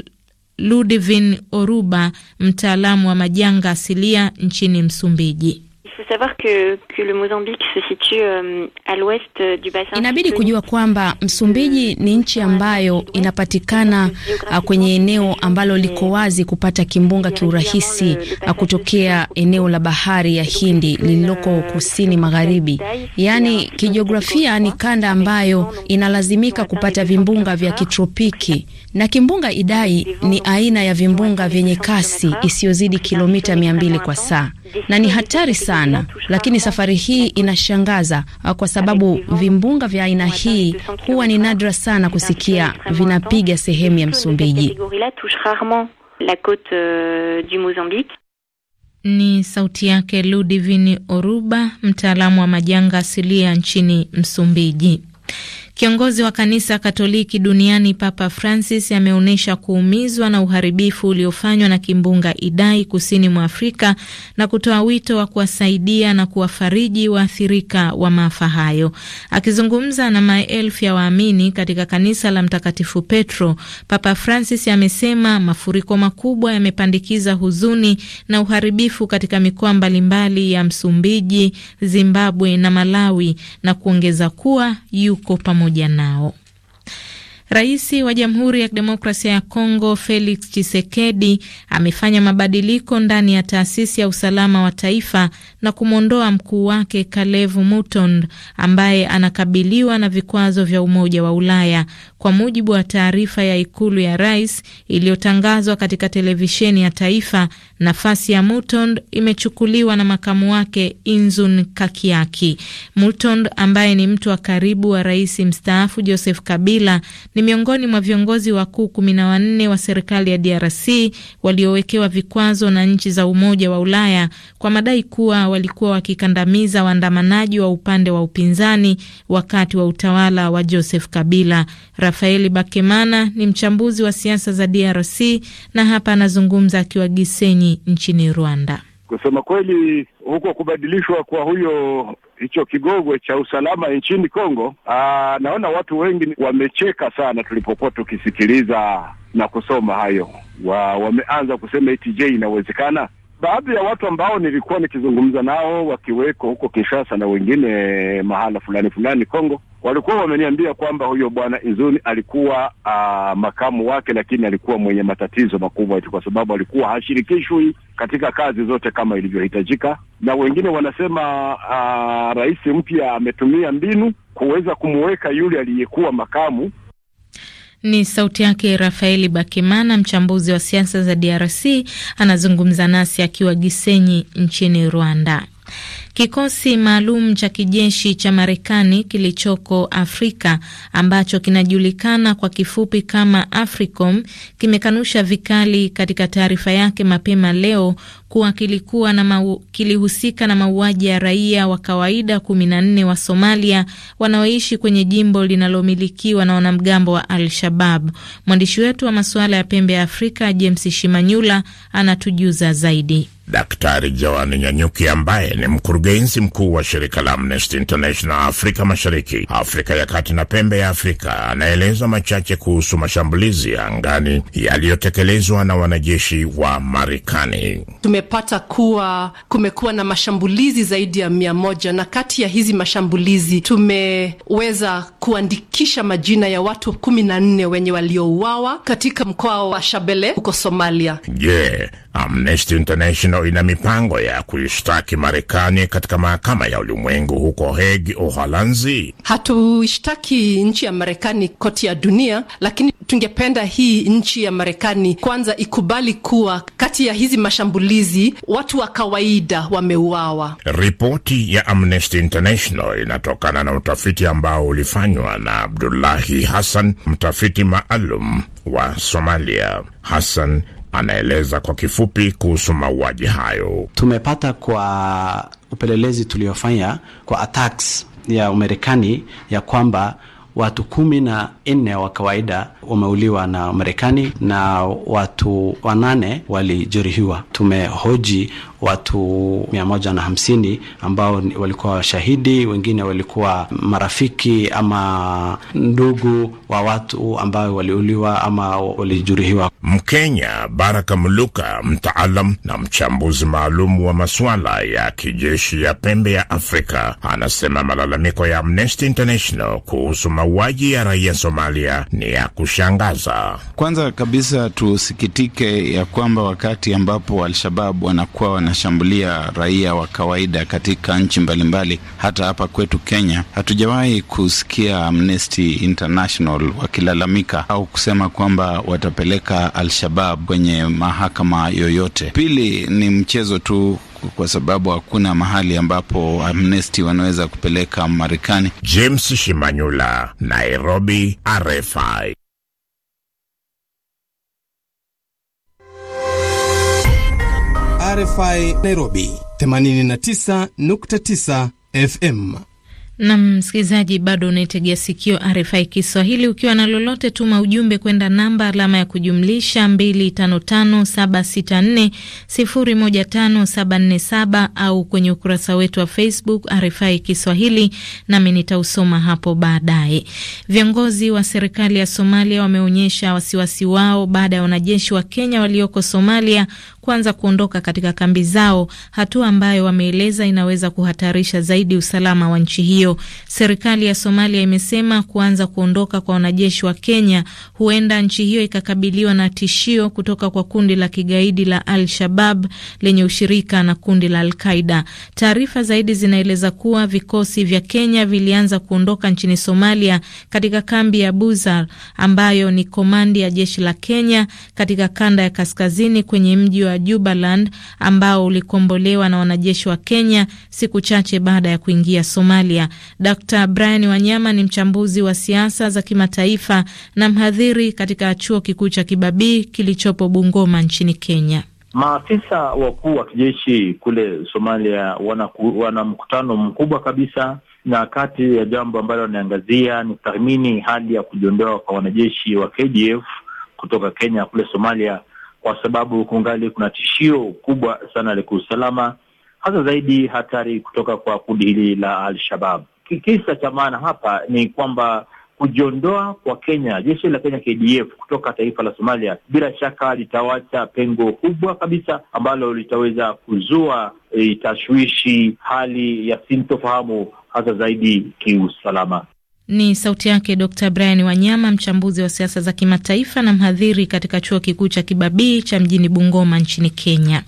Ludivin Oruba, mtaalamu wa majanga asilia nchini Msumbiji faut savoir que, que le Mozambique se situe euh, à l'ouest euh, du bassin. Inabidi kujua kwamba Msumbiji ni nchi ambayo inapatikana uh, kwenye eneo ambalo liko wazi kupata kimbunga kiurahisi uh, kutokea eneo la bahari ya Hindi lililoko kusini magharibi. Yaani kijiografia ni kanda ambayo inalazimika kupata vimbunga vya kitropiki na kimbunga Idai ni aina ya vimbunga vyenye kasi isiyozidi kilomita mia mbili kwa saa na ni hatari sana, lakini safari hii inashangaza uh, kwa sababu vimbunga vya aina hii huwa ni nadra sana kusikia vinapiga sehemu ya Msumbiji. Ni sauti yake Ludivini Oruba, mtaalamu wa majanga asilia nchini Msumbiji. Kiongozi wa kanisa Katoliki duniani Papa Francis ameonyesha kuumizwa na uharibifu uliofanywa na kimbunga Idai kusini mwa Afrika na kutoa wito wa kuwasaidia na kuwafariji waathirika wa maafa hayo. Akizungumza na maelfu ya waamini katika kanisa la Mtakatifu Petro, Papa Francis amesema mafuriko makubwa yamepandikiza huzuni na uharibifu katika mikoa mbalimbali ya Msumbiji, Zimbabwe na Malawi na kuongeza kuwa yuko pamoja pamoja nao. Rais wa Jamhuri ya Kidemokrasia ya Kongo Felix Tshisekedi amefanya mabadiliko ndani ya taasisi ya usalama wa taifa na kumwondoa mkuu wake Kalevu Mutond ambaye anakabiliwa na vikwazo vya Umoja wa Ulaya, kwa mujibu wa taarifa ya ikulu ya rais iliyotangazwa katika televisheni ya taifa. Nafasi ya Mutond imechukuliwa na makamu wake Inzun Kakiaki. Mutond ambaye ni mtu wa karibu wa rais mstaafu Joseph Kabila ni miongoni mwa viongozi wakuu kumi na wanne wa serikali ya DRC waliowekewa vikwazo na nchi za Umoja wa Ulaya kwa madai kuwa walikuwa wakikandamiza waandamanaji wa upande wa upinzani wakati wa utawala wa Joseph Kabila. Rafaeli Bakemana ni mchambuzi wa siasa za DRC na hapa anazungumza akiwa Gisenyi nchini Rwanda. Kusema kweli, huko kubadilishwa kwa huyo hicho kigogwe cha usalama nchini Kongo, aa, ah, naona watu wengi wamecheka sana tulipokuwa tukisikiliza na kusoma hayo wa, wameanza kusema eti je, inawezekana baadhi ya watu ambao nilikuwa nikizungumza nao wakiweko huko Kinshasa na wengine mahala fulani fulani Kongo, walikuwa wameniambia kwamba huyo bwana izuni alikuwa aa, ah, makamu wake, lakini alikuwa mwenye matatizo makubwa eti kwa sababu alikuwa hashirikishwi katika kazi zote kama ilivyohitajika, na wengine wanasema ah, rais mpya ametumia mbinu kuweza kumuweka yule aliyekuwa makamu ni sauti yake Rafaeli Bakimana, mchambuzi wa siasa za DRC, anazungumza nasi akiwa Gisenyi nchini Rwanda. Kikosi maalum cha kijeshi cha Marekani kilichoko Afrika ambacho kinajulikana kwa kifupi kama AFRICOM kimekanusha vikali katika taarifa yake mapema leo kuwa kilikuwa na mau, kilihusika na mauaji ya raia wa kawaida 14 wa Somalia wanaoishi kwenye jimbo linalomilikiwa na wanamgambo wa Al-Shabab. Mwandishi wetu wa masuala ya pembe ya Afrika James Shimanyula anatujuza zaidi. Daktari Jawani Nyanyuki ambaye ni mkurugenzi mkuu wa shirika la Amnesty International Afrika Mashariki, Afrika ya Kati na Pembe ya Afrika anaeleza machache kuhusu mashambulizi ya angani yaliyotekelezwa na wanajeshi wa Marekani. Tumepata kuwa kumekuwa na mashambulizi zaidi ya mia moja na kati ya hizi mashambulizi tumeweza kuandikisha majina ya watu kumi na nne wenye waliouawa katika mkoa wa Shabele huko Somalia. Je, yeah. Amnesty International ina mipango ya kuishtaki Marekani katika mahakama ya ulimwengu huko Hague, Uholanzi. Hatuishtaki nchi ya Marekani koti ya dunia, lakini tungependa hii nchi ya Marekani kwanza ikubali kuwa kati ya hizi mashambulizi watu wa kawaida wameuawa. Ripoti ya Amnesty International inatokana na utafiti ambao ulifanywa na Abdullahi Hassan, mtafiti maalum wa Somalia. Hassan anaeleza kwa kifupi kuhusu mauaji hayo. Tumepata kwa upelelezi tuliofanya kwa attacks ya Umerekani ya kwamba watu kumi na nne wa kawaida wameuliwa na Marekani na watu wanane walijeruhiwa. Tumehoji watu 150 ambao walikuwa washahidi, wengine walikuwa marafiki ama ndugu wa watu ambao waliuliwa ama walijuruhiwa Mkenya Baraka Muluka, mtaalam na mchambuzi maalum wa masuala ya kijeshi ya pembe ya Afrika, anasema malalamiko ya Amnesty International kuhusu mauaji ya raia Somalia ni ya kushangaza. Kwanza kabisa tusikitike ya kwamba wakati ambapo Alshabab wanakuwa wana inashambulia raia wa kawaida katika nchi mbalimbali, hata hapa kwetu Kenya. Hatujawahi kusikia Amnesty International wakilalamika au kusema kwamba watapeleka Al-Shabab kwenye mahakama yoyote. Pili ni mchezo tu kwa sababu hakuna mahali ambapo Amnesty wanaweza kupeleka Marekani. James Shimanyula, Nairobi, RFI. RFI Nairobi 89.9 FM. Na msikilizaji, bado unaitegea sikio RFI Kiswahili. Ukiwa na lolote, tuma ujumbe kwenda namba alama ya kujumlisha 255764015747 au kwenye ukurasa wetu wa Facebook RFI Kiswahili, nami nitausoma hapo baadaye. Viongozi wa serikali ya Somalia wameonyesha wasiwasi wao baada ya wanajeshi wa Kenya walioko Somalia kuanza kuondoka katika kambi zao, hatua ambayo wameeleza inaweza kuhatarisha zaidi usalama wa nchi hiyo. Serikali ya Somalia imesema kuanza kuondoka kwa wanajeshi wa Kenya huenda nchi hiyo ikakabiliwa na tishio kutoka kwa kundi la kigaidi la Al-Shabab lenye ushirika na kundi la Al-Qaida. Taarifa zaidi zinaeleza kuwa vikosi vya Kenya vilianza kuondoka nchini Somalia katika kambi ya Buzar ambayo ni komandi ya jeshi la Kenya katika kanda ya kaskazini kwenye mji wa Jubaland ambao ulikombolewa na wanajeshi wa Kenya siku chache baada ya kuingia Somalia. Dr Brian Wanyama ni mchambuzi wa siasa za kimataifa na mhadhiri katika chuo kikuu cha Kibabii kilichopo Bungoma nchini Kenya. Maafisa wakuu wa kijeshi kule Somalia wana, wana mkutano mkubwa kabisa, na kati ya jambo ambalo wanaangazia ni kutathmini hali ya kujiondoa kwa wanajeshi wa KDF kutoka Kenya kule Somalia kwa sababu kungali kuna tishio kubwa sana la kiusalama, hasa zaidi hatari kutoka kwa kundi hili la Al-Shabab. Kisa cha maana hapa ni kwamba kujiondoa kwa Kenya, jeshi la Kenya KDF kutoka taifa la Somalia, bila shaka litawacha pengo kubwa kabisa ambalo litaweza kuzua itashwishi eh, hali ya sintofahamu hasa zaidi kiusalama. Ni sauti yake Dr Brian Wanyama, mchambuzi wa siasa za kimataifa na mhadhiri katika chuo kikuu cha Kibabii cha mjini Bungoma nchini Kenya.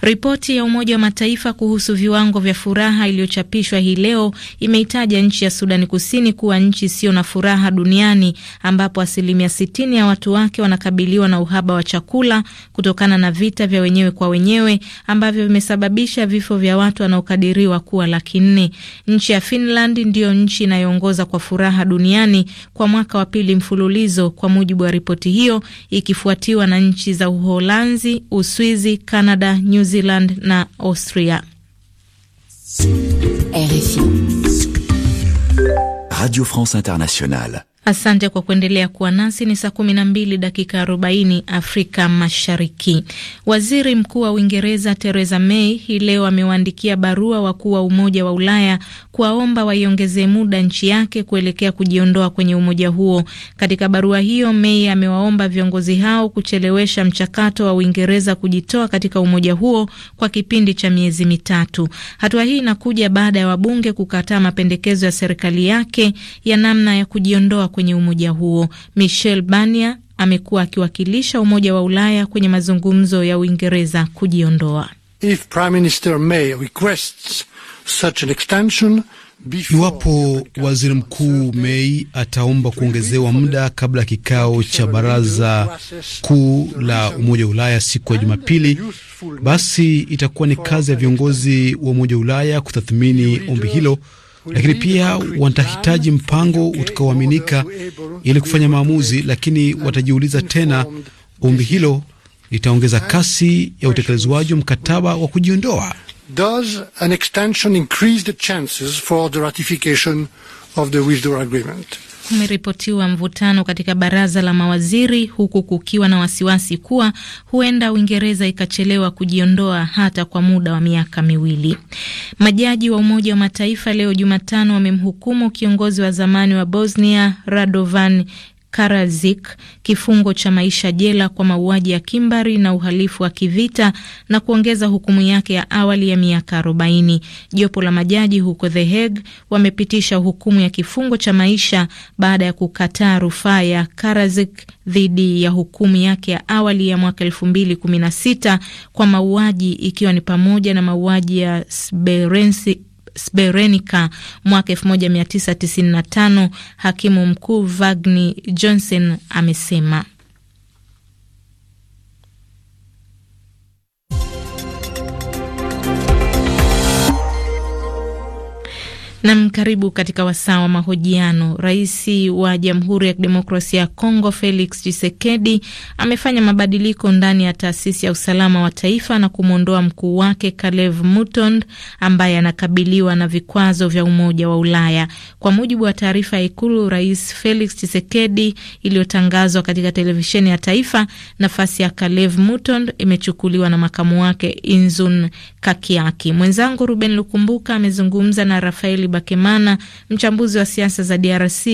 Ripoti ya Umoja wa Mataifa kuhusu viwango vya furaha iliyochapishwa hii leo imeitaja nchi ya Sudani Kusini kuwa nchi isiyo na furaha duniani ambapo asilimia 60 ya watu wake wanakabiliwa na uhaba wa chakula kutokana na vita vya wenyewe kwa wenyewe ambavyo vimesababisha vifo vya watu wanaokadiriwa kuwa laki nne. Nchi ya Finland ndiyo nchi inayoongoza kwa furaha duniani kwa mwaka wa pili mfululizo, kwa mujibu wa ripoti hiyo, ikifuatiwa na nchi za Uholanzi, Uswizi, Kanada Canada, New Zealand na Austria. RFI. Radio France Internationale. Asante kwa kuendelea kuwa nasi. Ni saa kumi na mbili dakika arobaini Afrika Mashariki. Waziri Mkuu wa Uingereza Theresa May hii leo amewaandikia barua wakuu wa Umoja wa Ulaya kuwaomba waiongezee muda nchi yake kuelekea kujiondoa kwenye umoja huo. Katika barua hiyo, May amewaomba viongozi hao kuchelewesha mchakato wa Uingereza kujitoa katika umoja huo kwa kipindi cha miezi mitatu. Hatua hii inakuja baada ya wabunge kukataa mapendekezo ya serikali yake ya namna ya kujiondoa kwenye umoja huo. Michel Barnier amekuwa akiwakilisha Umoja wa Ulaya kwenye mazungumzo ya Uingereza kujiondoa. If Prime Minister May requests such an extension, Iwapo waziri mkuu Mei ataomba kuongezewa muda kabla ya kikao cha baraza kuu la Umoja wa Ulaya siku ya Jumapili, basi itakuwa ni kazi ya viongozi wa Umoja wa Ulaya kutathmini ombi hilo lakini pia watahitaji mpango utakaoaminika ili kufanya maamuzi, lakini watajiuliza tena, ombi hilo litaongeza kasi ya utekelezwaji wa mkataba wa kujiondoa kumeripotiwa mvutano katika baraza la mawaziri huku kukiwa na wasiwasi kuwa huenda Uingereza ikachelewa kujiondoa hata kwa muda wa miaka miwili. Majaji wa Umoja wa Mataifa leo Jumatano wamemhukumu kiongozi wa zamani wa Bosnia Radovan Karazik kifungo cha maisha jela kwa mauaji ya kimbari na uhalifu wa kivita na kuongeza hukumu yake ya awali ya miaka 40. Jopo la majaji huko The Hague wamepitisha hukumu ya kifungo cha maisha baada ya kukataa rufaa ya karazik dhidi ya hukumu yake ya awali ya mwaka 2016 kwa mauaji ikiwa ni pamoja na mauaji ya Sberensi Sberenica mwaka 1995, hakimu mkuu Vagni Johnson amesema. Nam, karibu katika wasaa wa mahojiano. Rais wa Jamhuri ya Kidemokrasia ya Kongo Felix Tshisekedi amefanya mabadiliko ndani ya taasisi ya usalama wa taifa na kumwondoa mkuu wake Kalev Mutond ambaye anakabiliwa na vikwazo vya Umoja wa Ulaya. Kwa mujibu wa taarifa ya Ikulu Rais Felix Tshisekedi iliyotangazwa katika televisheni ya taifa, nafasi ya Kalev Mutond imechukuliwa na makamu wake Inzun Kakiaki. Mwenzangu Ruben Lukumbuka amezungumza na Rafael Bakemana, mchambuzi wa siasa za DRC,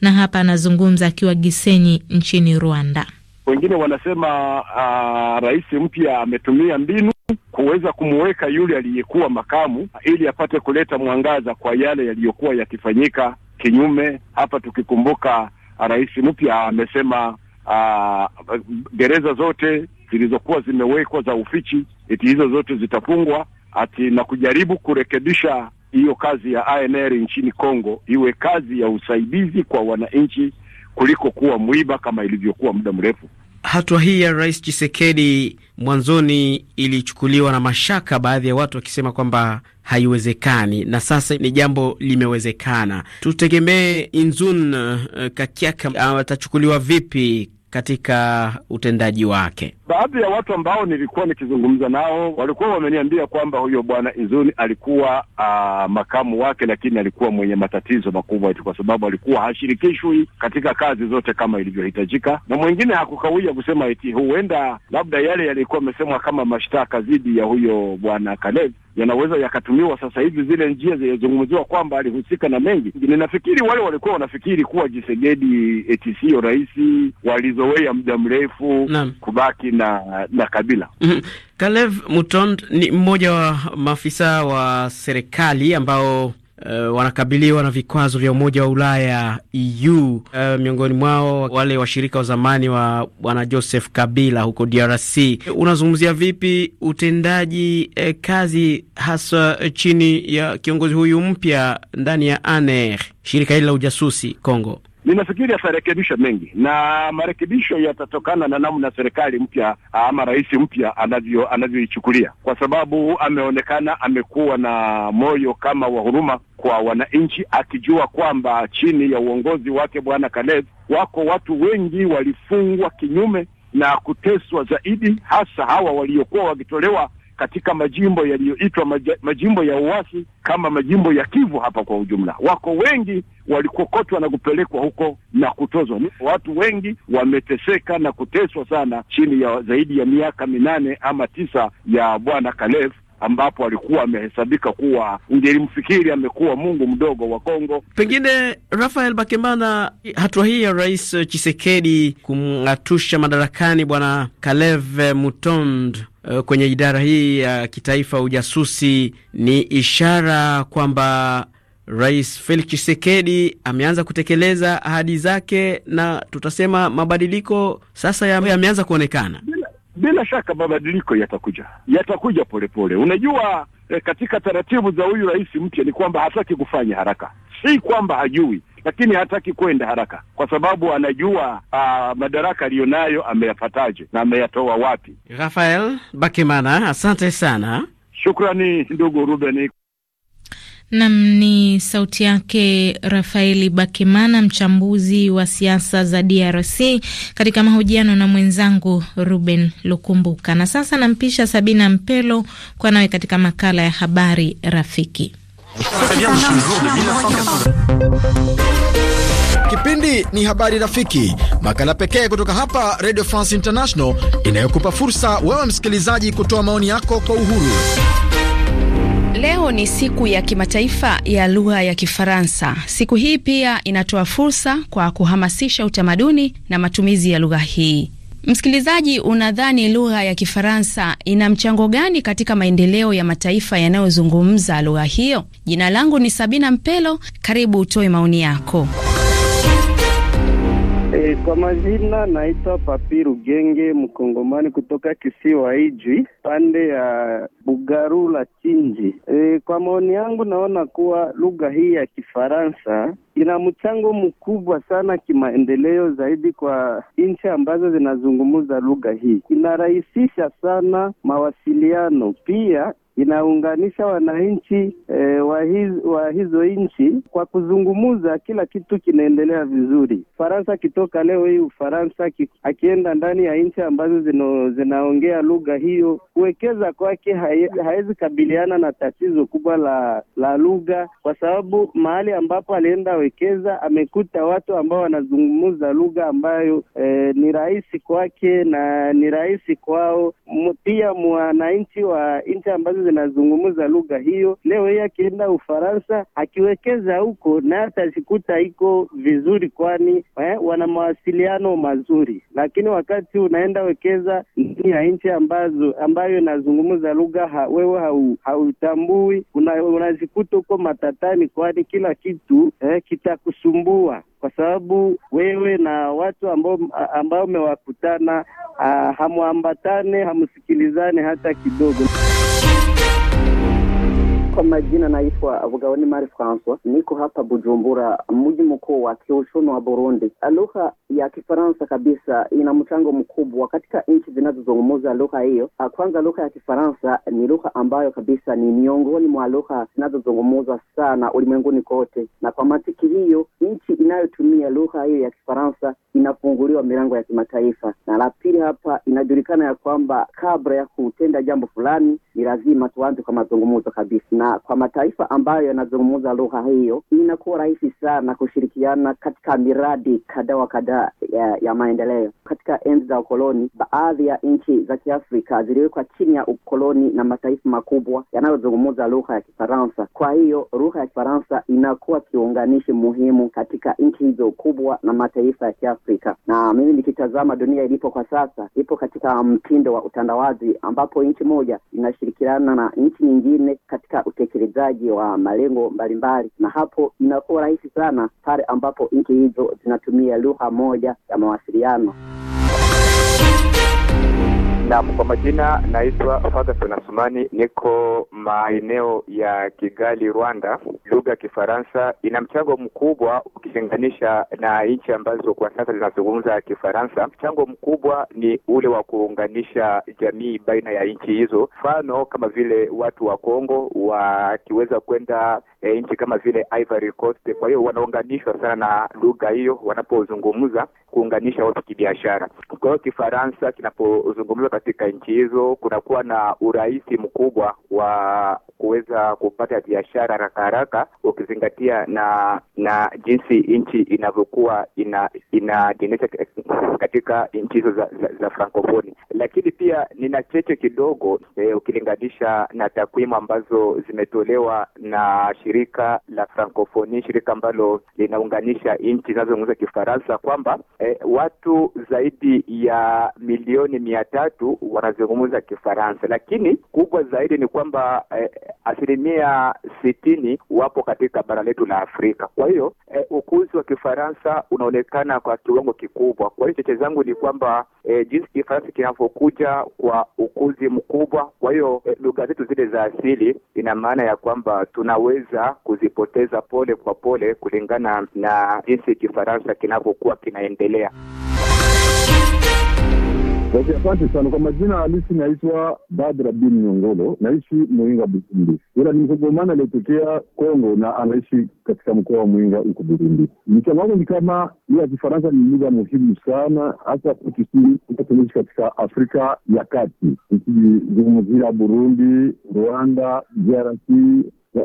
na hapa anazungumza akiwa Gisenyi nchini Rwanda. Wengine wanasema uh, rais mpya ametumia mbinu kuweza kumuweka yule aliyekuwa makamu ili apate kuleta mwangaza kwa yale yaliyokuwa yakifanyika kinyume. Hapa tukikumbuka ah, rais mpya amesema uh, gereza zote zilizokuwa zimewekwa za ufichi eti hizo zote zitafungwa ati na kujaribu kurekebisha hiyo kazi ya ANR nchini Kongo iwe kazi ya usaidizi kwa wananchi kuliko kuwa mwiba kama ilivyokuwa muda mrefu. Hatua hii ya Rais chisekedi mwanzoni ilichukuliwa na mashaka, baadhi ya watu wakisema kwamba haiwezekani, na sasa ni jambo limewezekana. Tutegemee Inzun uh, eh, Kakiaka atachukuliwa vipi katika utendaji wake. Baadhi ya watu ambao nilikuwa nikizungumza nao walikuwa wameniambia kwamba huyo bwana Izuni alikuwa uh, makamu wake, lakini alikuwa mwenye matatizo makubwa kwa sababu alikuwa hashirikishwi katika kazi zote kama ilivyohitajika, na mwingine hakukawia kusema eti huenda labda yale yalikuwa amesemwa kama mashtaka dhidi ya huyo bwana Kalevi yanaweza yakatumiwa sasa hivi, zile njia zilizozungumziwa kwamba alihusika na mengi. Ninafikiri wale walikuwa wanafikiri kuwa Jisegedi eti siyo rais, walizowea muda mrefu kubaki na na Kabila. Mhm. Kalev Mutond ni mmoja wa maafisa wa serikali ambao uh, wanakabiliwa na vikwazo vya Umoja wa Ulaya EU, uh, eh, miongoni mwao wale washirika wa zamani wa bwana Joseph Kabila huko DRC. Unazungumzia vipi utendaji eh, kazi hasa eh, chini ya kiongozi huyu mpya ndani ya ANR, shirika hili la ujasusi Kongo? Ninafikiri yatarekebisha mengi na marekebisho yatatokana na namna serikali mpya ama rais mpya anavyo anavyoichukulia, kwa sababu ameonekana amekuwa na moyo kama wa huruma kwa wananchi, akijua kwamba chini ya uongozi wake Bwana kaled wako watu wengi walifungwa kinyume na kuteswa zaidi, hasa hawa waliokuwa wakitolewa katika majimbo yaliyoitwa majimbo ya uasi kama majimbo ya Kivu. Hapa kwa ujumla, wako wengi walikokotwa na kupelekwa huko na kutozwa. Watu wengi wameteseka na kuteswa sana chini ya zaidi ya miaka minane ama tisa ya bwana Kalev ambapo alikuwa amehesabika kuwa ungelimfikiri amekuwa Mungu mdogo wa Kongo. Pengine Rafael Bakemana, hatua hii ya Rais Chisekedi kumng'atusha madarakani bwana Kalev Mutond Eh, kwenye idara hii ya kitaifa ujasusi ni ishara kwamba Rais Felix Tshisekedi ameanza kutekeleza ahadi zake na tutasema mabadiliko sasa yameanza kuonekana. Bila, bila shaka mabadiliko yatakuja, yatakuja polepole. Unajua eh, katika taratibu za huyu rais mpya ni kwamba hataki kufanya haraka, si kwamba hajui lakini hataki kwenda haraka kwa sababu anajua aa, ah, madaraka aliyonayo ameyapataje na ameyatoa wapi. Rafael Bakimana, asante sana. Shukrani ndugu Ruben. Nam ni sauti yake Rafaeli Bakimana, mchambuzi wa siasa za DRC katika mahojiano na mwenzangu Ruben Lukumbuka. Na sasa nampisha Sabina Mpelo kwa nawe katika makala ya habari rafiki. Kipindi ni Habari Rafiki, makala pekee kutoka hapa Radio France International inayokupa fursa wewe msikilizaji kutoa maoni yako kwa uhuru. Leo ni siku ya kimataifa ya lugha ya Kifaransa. Siku hii pia inatoa fursa kwa kuhamasisha utamaduni na matumizi ya lugha hii. Msikilizaji, unadhani lugha ya Kifaransa ina mchango gani katika maendeleo ya mataifa yanayozungumza lugha hiyo? Jina langu ni Sabina Mpelo, karibu utoe maoni yako. E, kwa majina naitwa Papi Rugenge, mkongomani kutoka kisiwa Ijwi pande ya Bugaru la Chinji. E, eh, kwa maoni yangu naona kuwa lugha hii ya Kifaransa ina mchango mkubwa sana kimaendeleo zaidi kwa nchi ambazo zinazungumza lugha hii. Inarahisisha sana mawasiliano, pia inaunganisha wananchi e, wa, hiz, wa hizo nchi kwa kuzungumuza, kila kitu kinaendelea vizuri. Faransa akitoka leo hii Ufaransa akienda ndani ya nchi ambazo zino, zinaongea lugha hiyo, kuwekeza kwake hawezi kabiliana na tatizo kubwa la, la lugha, kwa sababu mahali ambapo alienda wekeza amekuta watu ambao wanazungumuza lugha ambayo e, ni rahisi kwake na ni rahisi kwao. Pia mwananchi wa nchi ambazo zinazungumza lugha hiyo. Leo yeye akienda Ufaransa akiwekeza huko, naye atazikuta iko vizuri, kwani eh, wana mawasiliano mazuri. Lakini wakati unaenda wekeza ndani ya nchi ambazo ambayo inazungumza lugha ha, wewe hautambui, hau unazikuta una huko matatani, kwani kila kitu eh, kitakusumbua kwa sababu wewe na watu ambao ambao umewakutana ah, hamwambatane, hamsikilizane hata kidogo. Kwa majina naitwa Abugaboni Mari Francois, niko hapa Bujumbura, mji mkuu wa kiuchumi wa Burundi. Lugha ya Kifaransa kabisa ina mchango mkubwa katika nchi zinazozungumza lugha hiyo. Ah, kwanza, lugha ya Kifaransa ni lugha ambayo kabisa ni miongoni mwa lugha zinazozungumzwa sana ulimwenguni kote, na kwa mantiki hiyo nchi inayotumia lugha hiyo ya Kifaransa inafunguliwa milango ya kimataifa. Na la pili, hapa inajulikana ya kwamba kabla ya kutenda jambo fulani ni lazima tuanze kwa mazungumzo kabisa na kwa mataifa ambayo yanazungumza lugha hiyo inakuwa rahisi sana kushirikiana katika miradi kadha wa kadhaa ya, ya maendeleo. Katika enzi za ukoloni, baadhi ya nchi za Kiafrika ziliwekwa chini ya ukoloni na mataifa makubwa yanayozungumza lugha ya Kifaransa. Kwa hiyo lugha ya Kifaransa inakuwa kiunganishi muhimu katika nchi hizo kubwa na mataifa ya Kiafrika. Na mimi nikitazama dunia ilipo kwa sasa, ipo katika mtindo wa utandawazi, ambapo nchi moja inashirikiana na nchi nyingine katika utekelezaji wa malengo mbalimbali, na hapo inakuwa rahisi sana pale ambapo nchi hizo zinatumia lugha moja ya mawasiliano. Naam, kwa majina naitwa Ferguson Asumani, niko maeneo ya Kigali, Rwanda. Lugha ya Kifaransa ina mchango mkubwa ukilinganisha na nchi ambazo kwa sasa zinazungumza Kifaransa. Mchango mkubwa ni ule wa kuunganisha jamii baina ya nchi hizo, mfano kama vile watu wa Kongo wakiweza kwenda e, nchi kama vile Ivory Coast. Kwa hiyo wanaunganishwa sana na lugha hiyo wanapozungumza, kuunganisha watu kibiashara. Kwa hiyo Kifaransa kinapozungumza katika nchi hizo, kunakuwa na urahisi mkubwa wa kuweza kupata biashara haraka haraka, ukizingatia na na jinsi nchi inavyokuwa ina katika nchi hizo za, za, za Frankofoni. Lakini pia nina cheche kidogo e, ukilinganisha na takwimu ambazo zimetolewa na shirika la Frankofoni, shirika ambalo linaunganisha nchi zinazozungumza Kifaransa kwamba e, watu zaidi ya milioni mia tatu watu wanazungumza Kifaransa, lakini kubwa zaidi ni kwamba eh, asilimia sitini wapo katika bara letu la Afrika. Kwa hiyo eh, ukuzi wa Kifaransa unaonekana kwa kiwango kikubwa. Kwa hiyo cheche zangu ni kwamba eh, jinsi Kifaransa kinavyokuja kwa ukuzi mkubwa, kwa hiyo eh, lugha zetu zile za asili, ina maana ya kwamba tunaweza kuzipoteza pole kwa pole kulingana na jinsi Kifaransa kinavyokuwa kinaendelea. Okay, asante sana. Kwa majina halisi naitwa Badra bin Nyongolo, naishi Muinga Burundi, ila ni mkongomani aliyetokea Kongo na anaishi katika mkoa wa Muinga huko Burundi. Mchango wangu ni kama ya Kifaransa ni lugha muhimu sana, hasa tunaishi katika Afrika ya Kati, ikizungumzia Burundi, Rwanda, DRC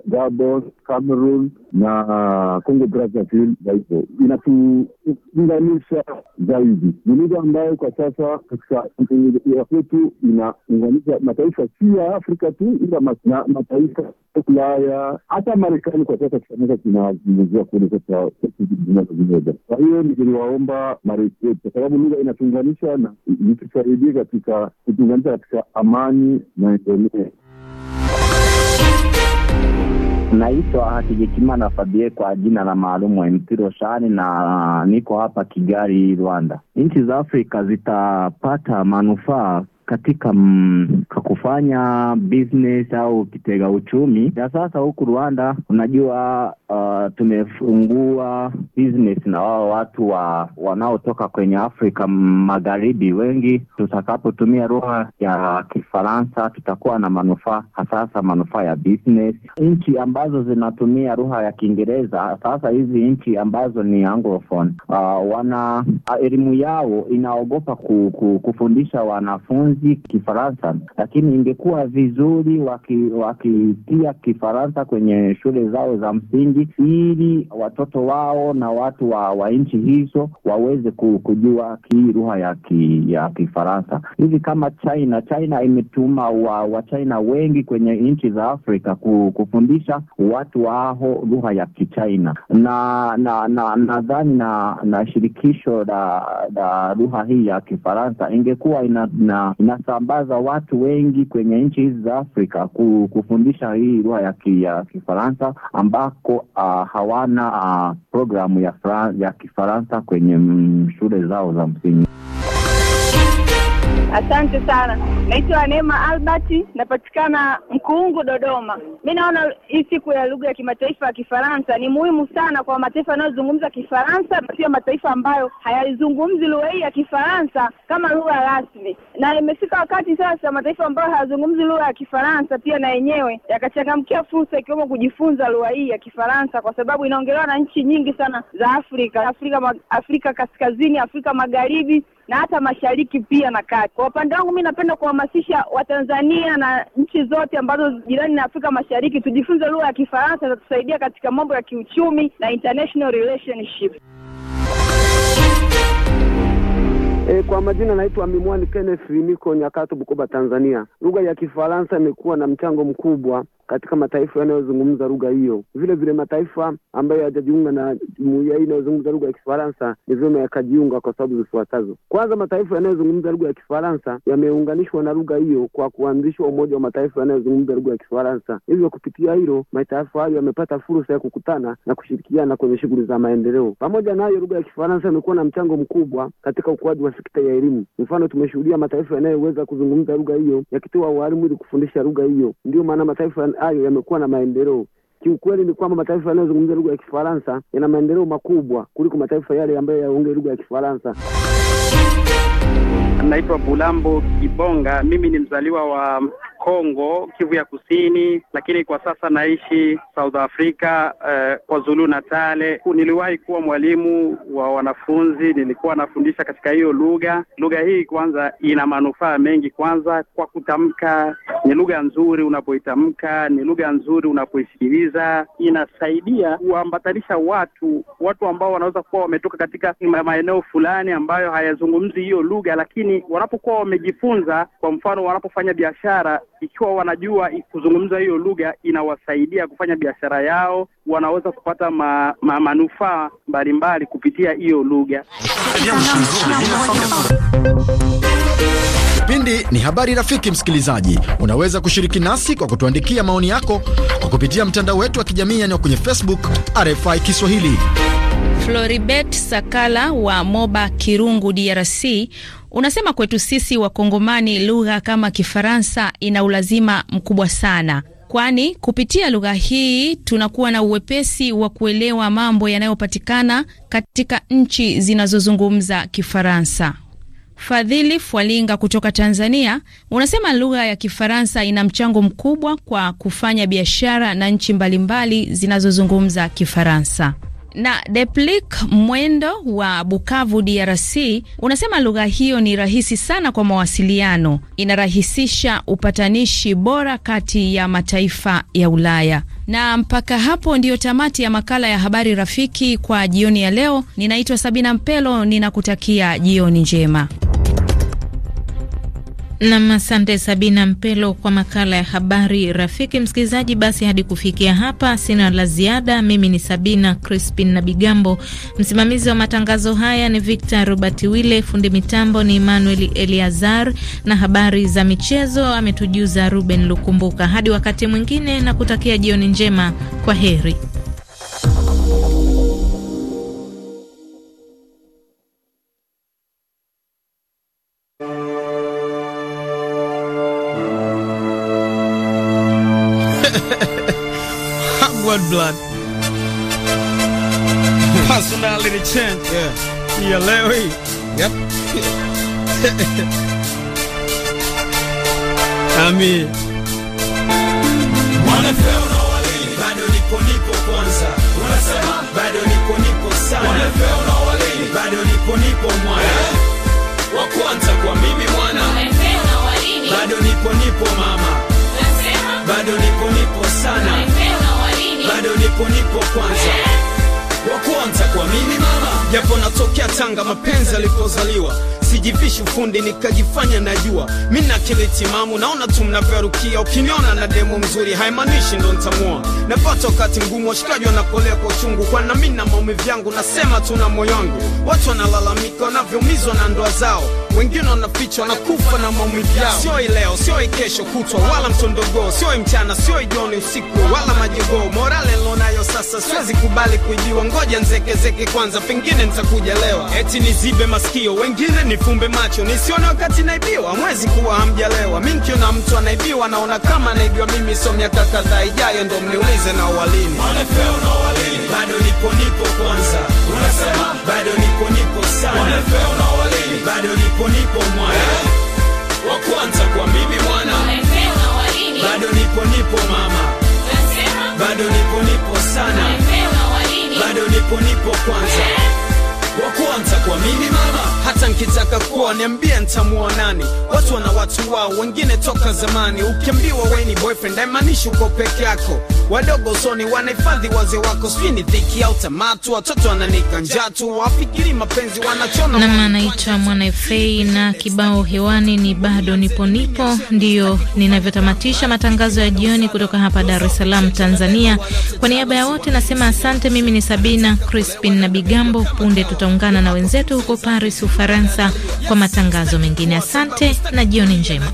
Gabon, Cameroon na Congo Brazzaville za hivyo, inatuunganisha zaidi. Ni lugha ambayo kwa sasa katika ya kwetu inaunganisha mataifa si ya Afrika tu, ila mataifa Ulaya, hata Marekani kwa sasa kisameza kinazungumzia kule sasa zinazoziweza. Kwa hiyo niliwaomba Marekani kwa sababu lugha inatuunganisha na itusaidie katika kutuunganisha katika amani na endeleo Naitwa Kigekimana Fabie kwa jina la maalumu MP shani na niko hapa Kigali, Rwanda. Nchi za Afrika zitapata manufaa katika m, mm, kufanya business au kitega uchumi ya sasa huku Rwanda. Unajua Uh, tumefungua business na wao watu wa wanaotoka kwenye Afrika Magharibi wengi. Tutakapotumia lugha ya Kifaransa tutakuwa na manufaa, hasasa manufaa ya business. Nchi ambazo zinatumia lugha ya Kiingereza, sasa hizi nchi ambazo ni anglophone, uh, wana uh, elimu yao inaogopa ku, ku, kufundisha wanafunzi Kifaransa, lakini ingekuwa vizuri wakitia waki Kifaransa kwenye shule zao za msingi ili watoto wao na watu wa, wa nchi hizo waweze kujua hii lugha ya ki, ya Kifaransa. Hivi kama China, China imetuma wa, wa China wengi kwenye nchi za Afrika kufundisha watu wao lugha ya Kichina, na nadhani na, na, na shirikisho la la lugha hii ya Kifaransa ingekuwa ina, na, inasambaza watu wengi kwenye nchi hizi za Afrika kufundisha hii lugha ya, ki, ya Kifaransa ambako uh, hawana uh, programu ya, ya Kifaransa kwenye mm, shule zao za msingi. Asante sana, naitwa Neema Albert, napatikana Mkuungu, Dodoma. Mi naona hii siku ya lugha ya kimataifa ya Kifaransa ni muhimu sana kwa mataifa yanayozungumza Kifaransa na pia mataifa ambayo hayazungumzi lugha hii ya Kifaransa kama lugha rasmi, na imefika wakati sasa mataifa ambayo hayazungumzi lugha ya Kifaransa pia na yenyewe yakachangamkia fursa, ikiwemo kujifunza lugha hii ya Kifaransa kwa sababu inaongelewa na nchi nyingi sana za Afrika, Afrika, Afrika kaskazini, Afrika magharibi na hata mashariki pia na kati. Kwa upande wangu, mi napenda kuhamasisha Watanzania na nchi zote ambazo jirani na Afrika Mashariki tujifunze lugha ya Kifaransa, itatusaidia katika mambo ya kiuchumi na international relationship. E, kwa majina naitwa Mimwani Kenneth, niko Nyakato, Bukoba, Tanzania. Lugha ya Kifaransa imekuwa na mchango mkubwa katika mataifa yanayozungumza lugha hiyo. Vile vile mataifa ambayo hayajajiunga na jumuiya hii inayozungumza lugha ya Kifaransa ni vyema yakajiunga kwa sababu zifuatazo. Kwanza, mataifa yanayozungumza lugha ya Kifaransa yameunganishwa na lugha hiyo kwa kuanzishwa Umoja wa Mataifa yanayozungumza lugha ya Kifaransa. Hivyo kupitia hilo, mataifa hayo yamepata fursa ya kukutana na kushirikiana kwenye shughuli za maendeleo. Pamoja nayo, lugha ya Kifaransa imekuwa na mchango mkubwa katika ukuaji wa sekta ya elimu. Mfano, tumeshuhudia mataifa yanayoweza kuzungumza lugha hiyo yakitoa walimu ili kufundisha lugha hiyo. Ndiyo maana mataifa hayo yamekuwa na maendeleo. Kiukweli ni kwamba mataifa yanayozungumza lugha ya Kifaransa yana maendeleo makubwa kuliko mataifa yale ambayo yaongee lugha ya Kifaransa. Naitwa Bulambo Kibonga. Mimi ni mzaliwa wa Kongo, Kivu ya Kusini, lakini kwa sasa naishi South Africa eh, kwa Zulu Natale. Niliwahi kuwa mwalimu wa wanafunzi, nilikuwa nafundisha katika hiyo lugha. Lugha hii kwanza ina manufaa mengi, kwanza kwa kutamka, ni lugha nzuri unapoitamka, ni lugha nzuri unapoisikiliza. Inasaidia kuambatanisha watu, watu ambao wanaweza kuwa wametoka katika maeneo fulani ambayo hayazungumzi hawazungumzi hiyo lugha, lakini wanapokuwa wamejifunza, kwa mfano wanapofanya biashara, ikiwa wanajua kuzungumza hiyo lugha, inawasaidia kufanya biashara yao, wanaweza kupata ma, ma, manufaa mbalimbali kupitia hiyo lugha. Kipindi ni habari rafiki. Msikilizaji, unaweza kushiriki nasi kwa kutuandikia maoni yako kwa kupitia mtandao wetu wa kijamii, yaani kwenye Facebook RFI Kiswahili floribet Sakala wa Moba Kirungu, DRC unasema kwetu sisi Wakongomani lugha kama Kifaransa ina ulazima mkubwa sana, kwani kupitia lugha hii tunakuwa na uwepesi wa kuelewa mambo yanayopatikana katika nchi zinazozungumza Kifaransa. Fadhili Fwalinga kutoka Tanzania unasema lugha ya Kifaransa ina mchango mkubwa kwa kufanya biashara na nchi mbalimbali zinazozungumza Kifaransa. Na Deplik Mwendo wa Bukavu, DRC, unasema lugha hiyo ni rahisi sana kwa mawasiliano, inarahisisha upatanishi bora kati ya mataifa ya Ulaya. Na mpaka hapo ndiyo tamati ya makala ya habari rafiki kwa jioni ya leo. Ninaitwa Sabina Mpelo, ninakutakia jioni njema. Nam, asante Sabina Mpelo kwa makala ya habari rafiki. Msikilizaji, basi hadi kufikia hapa sina la ziada. Mimi ni Sabina Crispin na Bigambo, msimamizi wa matangazo haya ni Victor Robert Wille, fundi mitambo ni Emmanuel Eliazar na habari za michezo ametujuza Ruben Lukumbuka. Hadi wakati mwingine, na kutakia jioni njema, kwa heri. Chen. yeah. Yeah, Larry. yep. Ami mwanafeo na bado kwanza, bado sana, na bado mwana eh? wa kwanza kwa mimi mwana, na bado mama, bado sana, na bado kwanza eh? japo natokea Tanga, mapenzi alipozaliwa sijivishi ufundi nikajifanya najua mi na akili timamu, naona tu mnavyorukia. Ukiniona na demo mzuri haimanishi ndo ntamua. Napata wakati mgumu, washikaji wanapolea kwa uchungu, kwana mi na maumivu yangu nasema tu na moyo wangu. Watu wanalalamika wanavyoumizwa na ndoa zao, wengine wanaficha kufa na maumivu yao. Sioi leo, sioi kutwa, wala mtondogoo, sio mchana, sio jioni, usiku wala majogoo. Morale lonayo sasa siwezi kubali kuibiwa, ngoja nzekezeke kwanza, pengine wengine nitakujalewa, eti nizibe masikio, wengine nifumbe macho, nisione wakati naibiwa. Mwezi kuwa hamjalewa, mi nkiona mtu anaibiwa naona kama naibiwa mimi. So miaka kadhaa ijayo ndo mniulize na uwalini, bado kwanza, unasema bado sana, bado mwana eh? wa kwanza kwa mimi mwana, bado mama, bado nipo nipo sana bado nipo nipo kwanza yeah wa kwanza kwa mimi mama. Hata nkitaka kuwa niambie nitamuoa nani? Watu wana watu wao, wengine toka zamani. Ukiambiwa we ni boyfriend haimaanishi uko peke yako. Wadogo soni wanahifadhi wazee wako, sini dhiki au tamatu. Watoto wananika njatu, wafikiri mapenzi wanachona. Nama anaitwa Mwana FA na kibao hewani ni bado nipo nipo. Ndiyo ninavyotamatisha matangazo ya jioni kutoka hapa Dar es Salaam, Tanzania. Kwa niaba ya wote nasema asante. Mimi ni Sabina Crispin na Bigambo. Punde tuta tutaungana na wenzetu huko Paris, Ufaransa, kwa matangazo mengine. Asante na jioni njema.